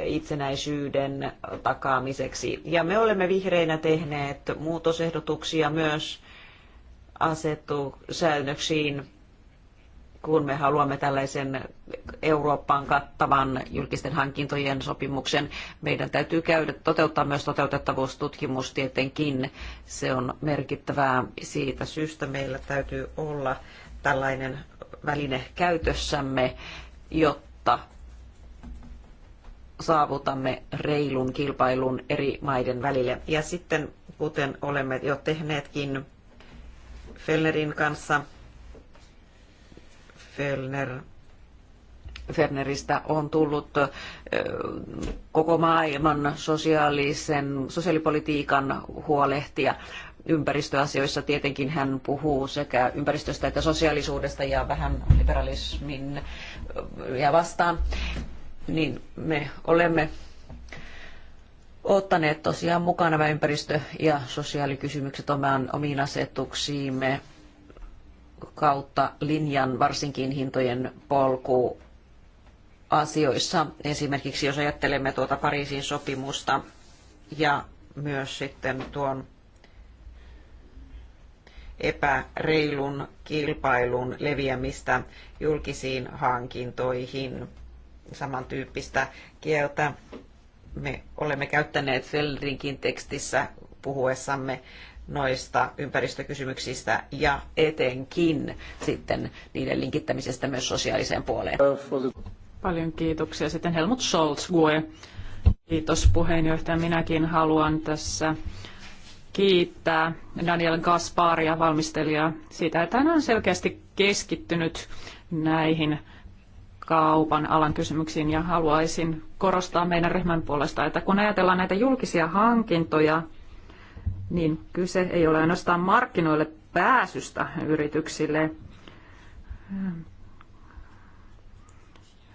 itsenäisyyden takaamiseksi. Ja me olemme vihreinä tehneet muutosehdotuksia myös asetusäännöksiin kun me haluamme tällaisen Eurooppaan kattavan julkisten hankintojen sopimuksen, meidän täytyy käydä, toteuttaa myös toteutettavuustutkimus tietenkin. Se on merkittävää siitä syystä. Meillä täytyy olla tällainen väline käytössämme, jotta saavutamme reilun kilpailun eri maiden välille. Ja sitten, kuten olemme jo tehneetkin Fellerin kanssa, Fellner Ferneristä on tullut koko maailman sosiaalisen, sosiaalipolitiikan huolehtija ympäristöasioissa. Tietenkin hän puhuu sekä ympäristöstä että sosiaalisuudesta ja vähän liberalismin ja vastaan. Niin me olemme ottaneet tosiaan mukana nämä ympäristö- ja sosiaalikysymykset omaan, omiin asetuksiimme kautta linjan, varsinkin hintojen polku asioissa. Esimerkiksi jos ajattelemme tuota Pariisin sopimusta ja myös sitten tuon epäreilun kilpailun leviämistä julkisiin hankintoihin. Samantyyppistä kieltä me olemme käyttäneet Feldrinkin tekstissä puhuessamme noista ympäristökysymyksistä ja etenkin sitten niiden linkittämisestä myös sosiaaliseen puoleen. Paljon kiitoksia. Sitten Helmut Scholz, GUE. Kiitos puheenjohtaja. Minäkin haluan tässä kiittää Daniel Gasparia, valmistelijaa, siitä, että hän on selkeästi keskittynyt näihin kaupan alan kysymyksiin ja haluaisin korostaa meidän ryhmän puolesta, että kun ajatellaan näitä julkisia hankintoja, niin kyse ei ole ainoastaan markkinoille pääsystä yrityksille.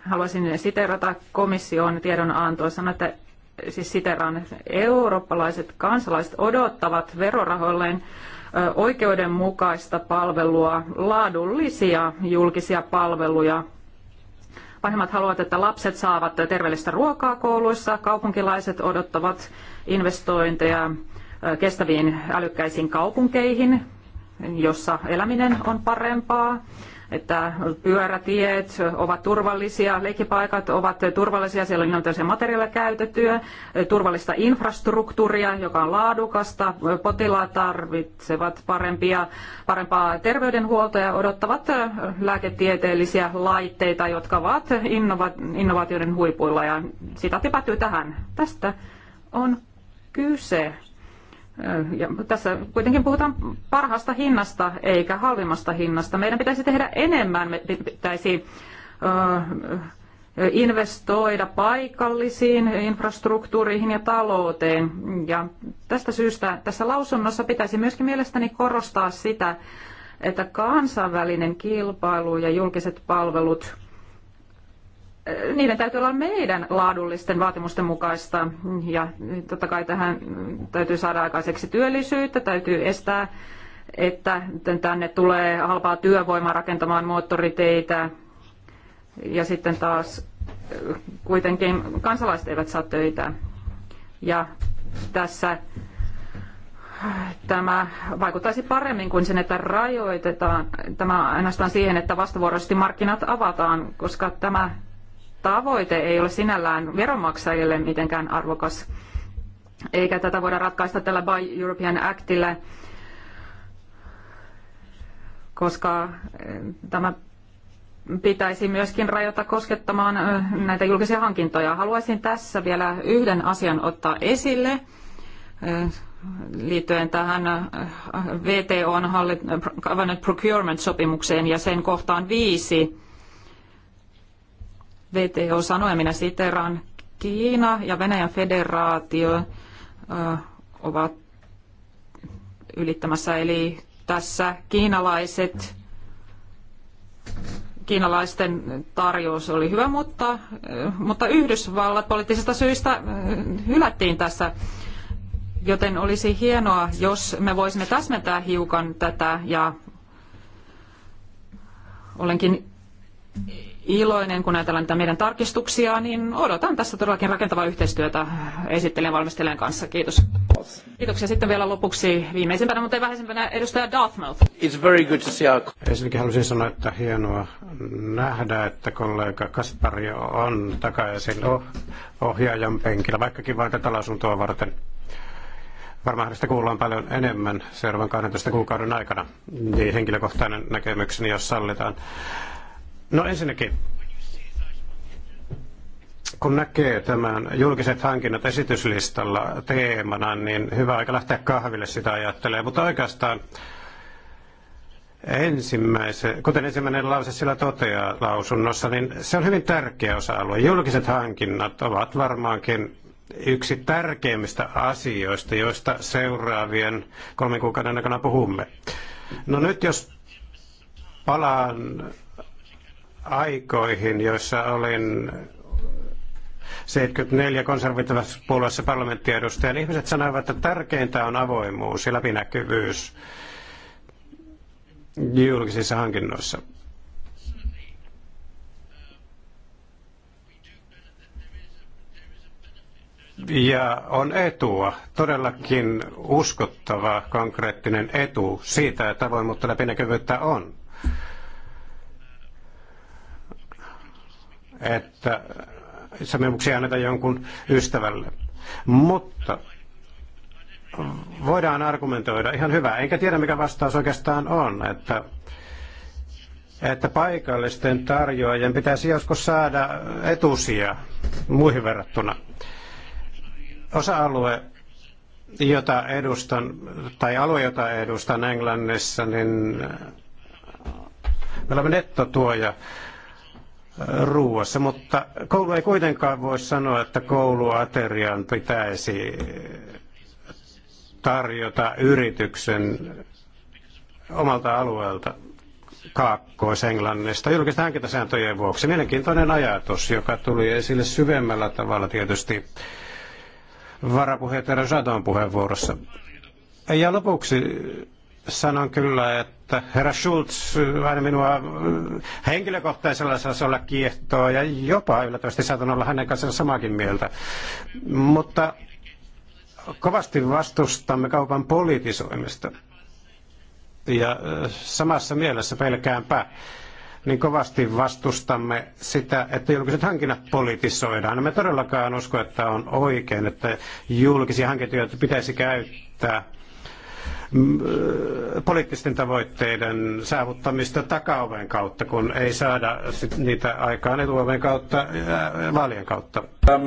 Haluaisin siterata komission tiedonantoa, sanoa, että siis siteraan, eurooppalaiset kansalaiset odottavat verorahoilleen oikeudenmukaista palvelua, laadullisia julkisia palveluja. Vanhemmat haluavat, että lapset saavat terveellistä ruokaa kouluissa, kaupunkilaiset odottavat investointeja kestäviin älykkäisiin kaupunkeihin, jossa eläminen on parempaa, että pyörätiet ovat turvallisia, leikkipaikat ovat turvallisia, siellä on tällaisia materiaaleja käytettyä, turvallista infrastruktuuria, joka on laadukasta, potilaat tarvitsevat parempia, parempaa terveydenhuoltoa ja odottavat lääketieteellisiä laitteita, jotka ovat innova- innovaatioiden huipuilla ja sitä päättyy tähän. Tästä on kyse. Ja tässä kuitenkin puhutaan parhaasta hinnasta eikä halvimmasta hinnasta. Meidän pitäisi tehdä enemmän, me pitäisi investoida paikallisiin infrastruktuuriin ja talouteen. Ja tästä syystä tässä lausunnossa pitäisi myöskin mielestäni korostaa sitä, että kansainvälinen kilpailu ja julkiset palvelut – niiden täytyy olla meidän laadullisten vaatimusten mukaista. Ja totta kai tähän täytyy saada aikaiseksi työllisyyttä, täytyy estää, että tänne tulee halpaa työvoimaa rakentamaan moottoriteitä. Ja sitten taas eh, kuitenkin kansalaiset eivät saa töitä. Ja tässä tämä vaikuttaisi paremmin kuin sen, että rajoitetaan tämä ainoastaan siihen, että vastavuoroisesti markkinat avataan, koska tämä tavoite ei ole sinällään veronmaksajille mitenkään arvokas, eikä tätä voida ratkaista tällä Buy European Actillä, koska eh, tämä pitäisi myöskin rajata koskettamaan eh, näitä julkisia hankintoja. Haluaisin tässä vielä yhden asian ottaa esille eh, liittyen tähän VTOn Covenant Procurement-sopimukseen ja sen kohtaan viisi VTO sanoi, minä siteraan, Kiina ja Venäjän federaatio äh, ovat ylittämässä, eli tässä kiinalaiset kiinalaisten tarjous oli hyvä, mutta, äh, mutta Yhdysvallat poliittisista syistä äh, hylättiin tässä. Joten olisi hienoa, jos me voisimme täsmentää hiukan tätä ja olenkin iloinen, kun ajatellaan näitä meidän tarkistuksia, niin odotan tässä todellakin rakentavaa yhteistyötä esittelijän valmistelijan kanssa. Kiitos. Kiitoksia sitten vielä lopuksi viimeisimpänä, mutta ei vähäisimpänä edustaja Dartmouth. It's very good to see our... Ensinnäkin halusin sanoa, että hienoa nähdä, että kollega Kaspari on takaisin ohjaajan penkillä, vaikkakin vain tätä lausuntoa varten. Varmaan hänestä kuullaan paljon enemmän seuraavan 12 kuukauden aikana, niin henkilökohtainen näkemykseni, jos sallitaan. No ensinnäkin, kun näkee tämän julkiset hankinnat esityslistalla teemana, niin hyvä aika lähteä kahville sitä ajattelee. Mutta oikeastaan ensimmäisen, kuten ensimmäinen lause sillä toteaa lausunnossa, niin se on hyvin tärkeä osa-alue. Julkiset hankinnat ovat varmaankin yksi tärkeimmistä asioista, joista seuraavien kolmen kuukauden aikana puhumme. No nyt jos palaan aikoihin, joissa olin 74 konservatiivisessa parlamenttiedustajan. Niin ihmiset sanoivat, että tärkeintä on avoimuus ja läpinäkyvyys julkisissa hankinnoissa. Ja on etua, todellakin uskottava konkreettinen etu siitä, että avoimuutta läpinäkyvyyttä on. että sopimuksia anneta jonkun ystävälle. Mutta voidaan argumentoida ihan hyvä. Enkä tiedä, mikä vastaus oikeastaan on, että, että paikallisten tarjoajien pitäisi joskus saada etusia muihin verrattuna. Osa-alue, jota edustan, tai alue, jota edustan Englannissa, niin me olemme nettotuoja ruuassa, mutta koulu ei kuitenkaan voi sanoa, että kouluaterian pitäisi tarjota yrityksen omalta alueelta Kaakkois-Englannista julkisten hankintasääntöjen vuoksi. Mielenkiintoinen ajatus, joka tuli esille syvemmällä tavalla tietysti varapuheenjohtaja Jadon puheenvuorossa. Ja lopuksi sanon kyllä, että herra Schulz aina minua äh, henkilökohtaisella tasolla kiehtoo ja jopa yllättävästi saatan olla hänen kanssaan samakin mieltä. Mutta kovasti vastustamme kaupan politisoimista. Ja äh, samassa mielessä pelkäänpä niin kovasti vastustamme sitä, että julkiset hankinnat politisoidaan. No me todellakaan usko, että on oikein, että julkisia hankintoja pitäisi käyttää Mm, äh, poliittisten tavoitteiden saavuttamista takaoven kautta, kun ei saada niitä aikaan etuoven kautta äh, vaalien kautta. Äh,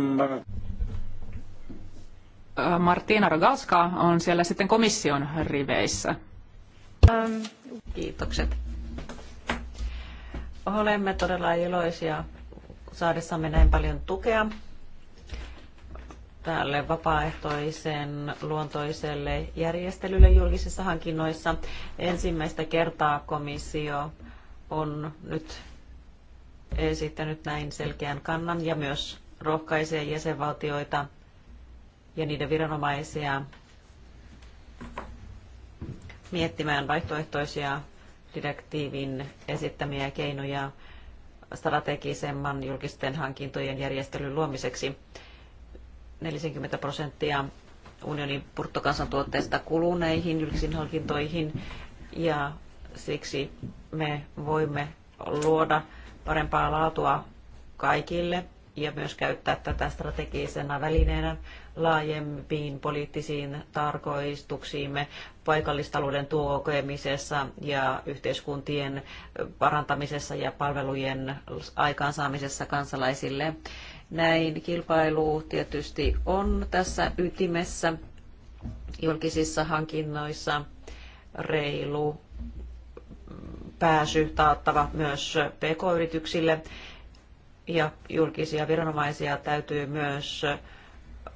Martina Rogalska on siellä sitten komission riveissä. Kiitokset. Olemme todella iloisia saadessamme näin paljon tukea tälle vapaaehtoisen luontoiselle järjestelylle julkisissa hankinnoissa. Ensimmäistä kertaa komissio on nyt esittänyt näin selkeän kannan ja myös rohkaisee jäsenvaltioita ja niiden viranomaisia miettimään vaihtoehtoisia direktiivin esittämiä keinoja strategisemman julkisten hankintojen järjestelyn luomiseksi. 40 prosenttia unionin bruttokansantuotteesta kuluneihin julkisiin hankintoihin ja siksi me voimme luoda parempaa laatua kaikille ja myös käyttää tätä strategisena välineenä laajempiin poliittisiin tarkoituksiimme paikallistalouden tuokemisessa ja yhteiskuntien parantamisessa ja palvelujen aikaansaamisessa kansalaisille näin kilpailu tietysti on tässä ytimessä julkisissa hankinnoissa reilu pääsy taattava myös pk-yrityksille ja julkisia viranomaisia täytyy myös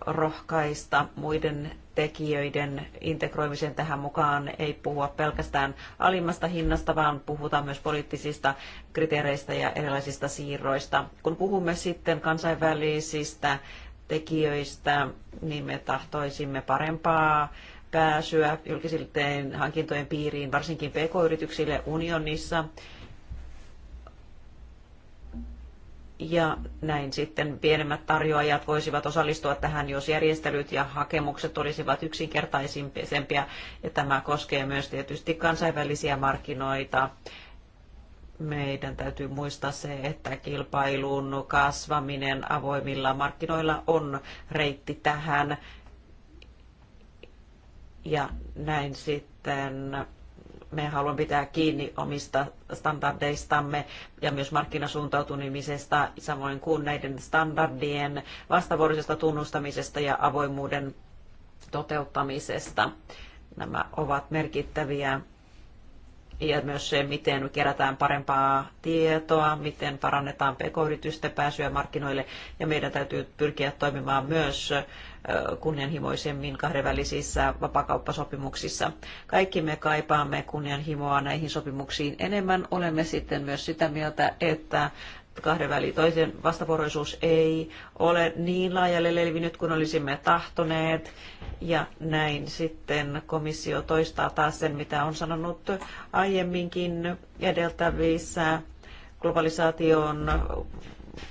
rohkaista muiden tekijöiden integroimisen tähän mukaan ei puhua pelkästään alimmasta hinnasta, vaan puhutaan myös poliittisista kriteereistä ja erilaisista siirroista. Kun puhumme sitten kansainvälisistä tekijöistä, niin me tahtoisimme parempaa pääsyä julkisten hankintojen piiriin, varsinkin pk-yrityksille unionissa – Ja näin sitten pienemmät tarjoajat voisivat osallistua tähän, jos järjestelyt ja hakemukset olisivat yksinkertaisempia. Ja tämä koskee myös tietysti kansainvälisiä markkinoita. Meidän täytyy muistaa se, että kilpailun kasvaminen avoimilla markkinoilla on reitti tähän. Ja näin sitten me haluamme pitää kiinni omista standardeistamme ja myös markkinasuuntautumisesta, samoin kuin näiden standardien vastavuoroisesta tunnustamisesta ja avoimuuden toteuttamisesta. Nämä ovat merkittäviä ja myös se, miten kerätään parempaa tietoa, miten parannetaan pk-yritysten pääsyä markkinoille. Ja meidän täytyy pyrkiä toimimaan myös kunnianhimoisemmin kahdenvälisissä vapakauppasopimuksissa. Kaikki me kaipaamme kunnianhimoa näihin sopimuksiin enemmän. Olemme sitten myös sitä mieltä, että kahden väliin. Toisen vastavuoroisuus ei ole niin laajalle levinnyt kuin olisimme tahtoneet. Ja näin sitten komissio toistaa taas sen, mitä on sanonut aiemminkin edeltävissä globalisaation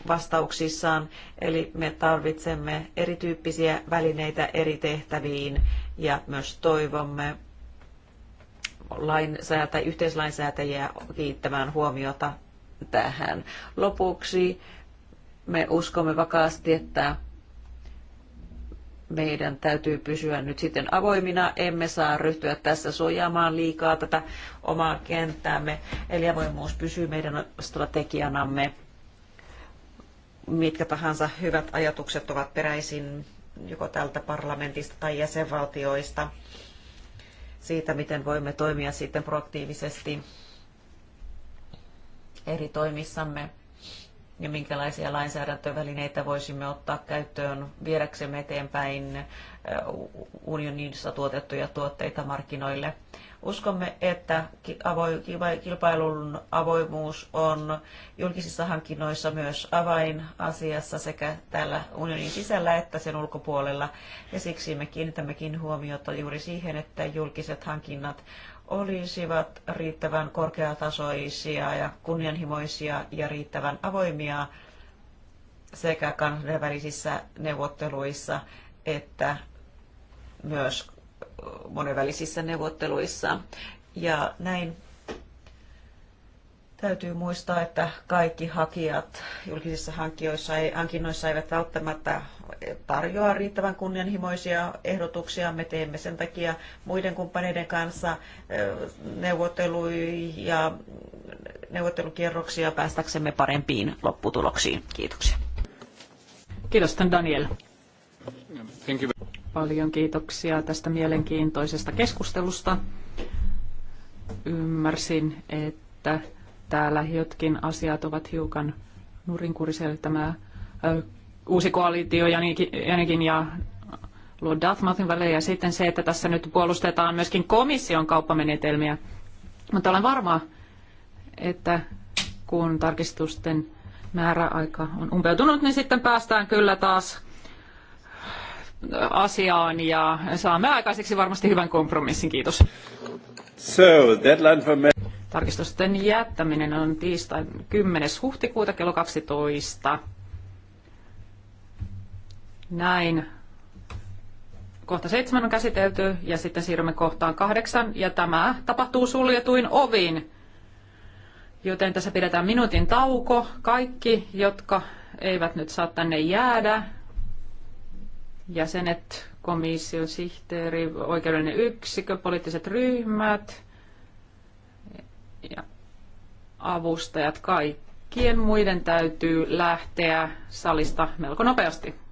vastauksissaan. Eli me tarvitsemme erityyppisiä välineitä eri tehtäviin ja myös toivomme lainsäätä, yhteislainsäätäjiä kiittämään huomiota tähän. Lopuksi me uskomme vakaasti, että meidän täytyy pysyä nyt sitten avoimina. Emme saa ryhtyä tässä suojaamaan liikaa tätä omaa kenttäämme. Eli avoimuus pysyy meidän strategianamme. Mitkä tahansa hyvät ajatukset ovat peräisin joko tältä parlamentista tai jäsenvaltioista siitä, miten voimme toimia sitten proaktiivisesti eri toimissamme ja minkälaisia lainsäädäntövälineitä voisimme ottaa käyttöön viedäksemme eteenpäin unionissa tuotettuja tuotteita markkinoille. Uskomme, että kilpailun avoimuus on julkisissa hankinnoissa myös avainasiassa sekä täällä unionin sisällä että sen ulkopuolella. Ja siksi me kiinnitämmekin huomiota juuri siihen, että julkiset hankinnat olisivat riittävän korkeatasoisia ja kunnianhimoisia ja riittävän avoimia sekä kansainvälisissä neuvotteluissa että myös monenvälisissä neuvotteluissa. Ja näin täytyy muistaa, että kaikki hakijat julkisissa hankinnoissa, ei, hankinnoissa eivät välttämättä tarjoa riittävän kunnianhimoisia ehdotuksia. Me teemme sen takia muiden kumppaneiden kanssa neuvotteluja, neuvottelukierroksia päästäksemme parempiin lopputuloksiin. Kiitoksia. Kiitos, Daniel. Paljon kiitoksia tästä mielenkiintoisesta keskustelusta. Ymmärsin, että täällä jotkin asiat ovat hiukan nurinkuriselle tämä uusi koalitio Janikin ja Lord Dartmouthin välillä ja sitten se, että tässä nyt puolustetaan myöskin komission kauppamenetelmiä. Mutta olen varma, että kun tarkistusten määräaika on umpeutunut, niin sitten päästään kyllä taas asiaan ja saamme aikaiseksi varmasti hyvän kompromissin. Kiitos. So, deadline for me- Tarkistusten jättäminen on tiistai 10. huhtikuuta kello 12. Näin. Kohta seitsemän on käsitelty ja sitten siirrymme kohtaan kahdeksan ja tämä tapahtuu suljetuin ovin. Joten tässä pidetään minuutin tauko. Kaikki, jotka eivät nyt saa tänne jäädä, jäsenet, komission sihteeri, oikeudellinen yksikkö, poliittiset ryhmät ja avustajat, kaikkien muiden täytyy lähteä salista melko nopeasti.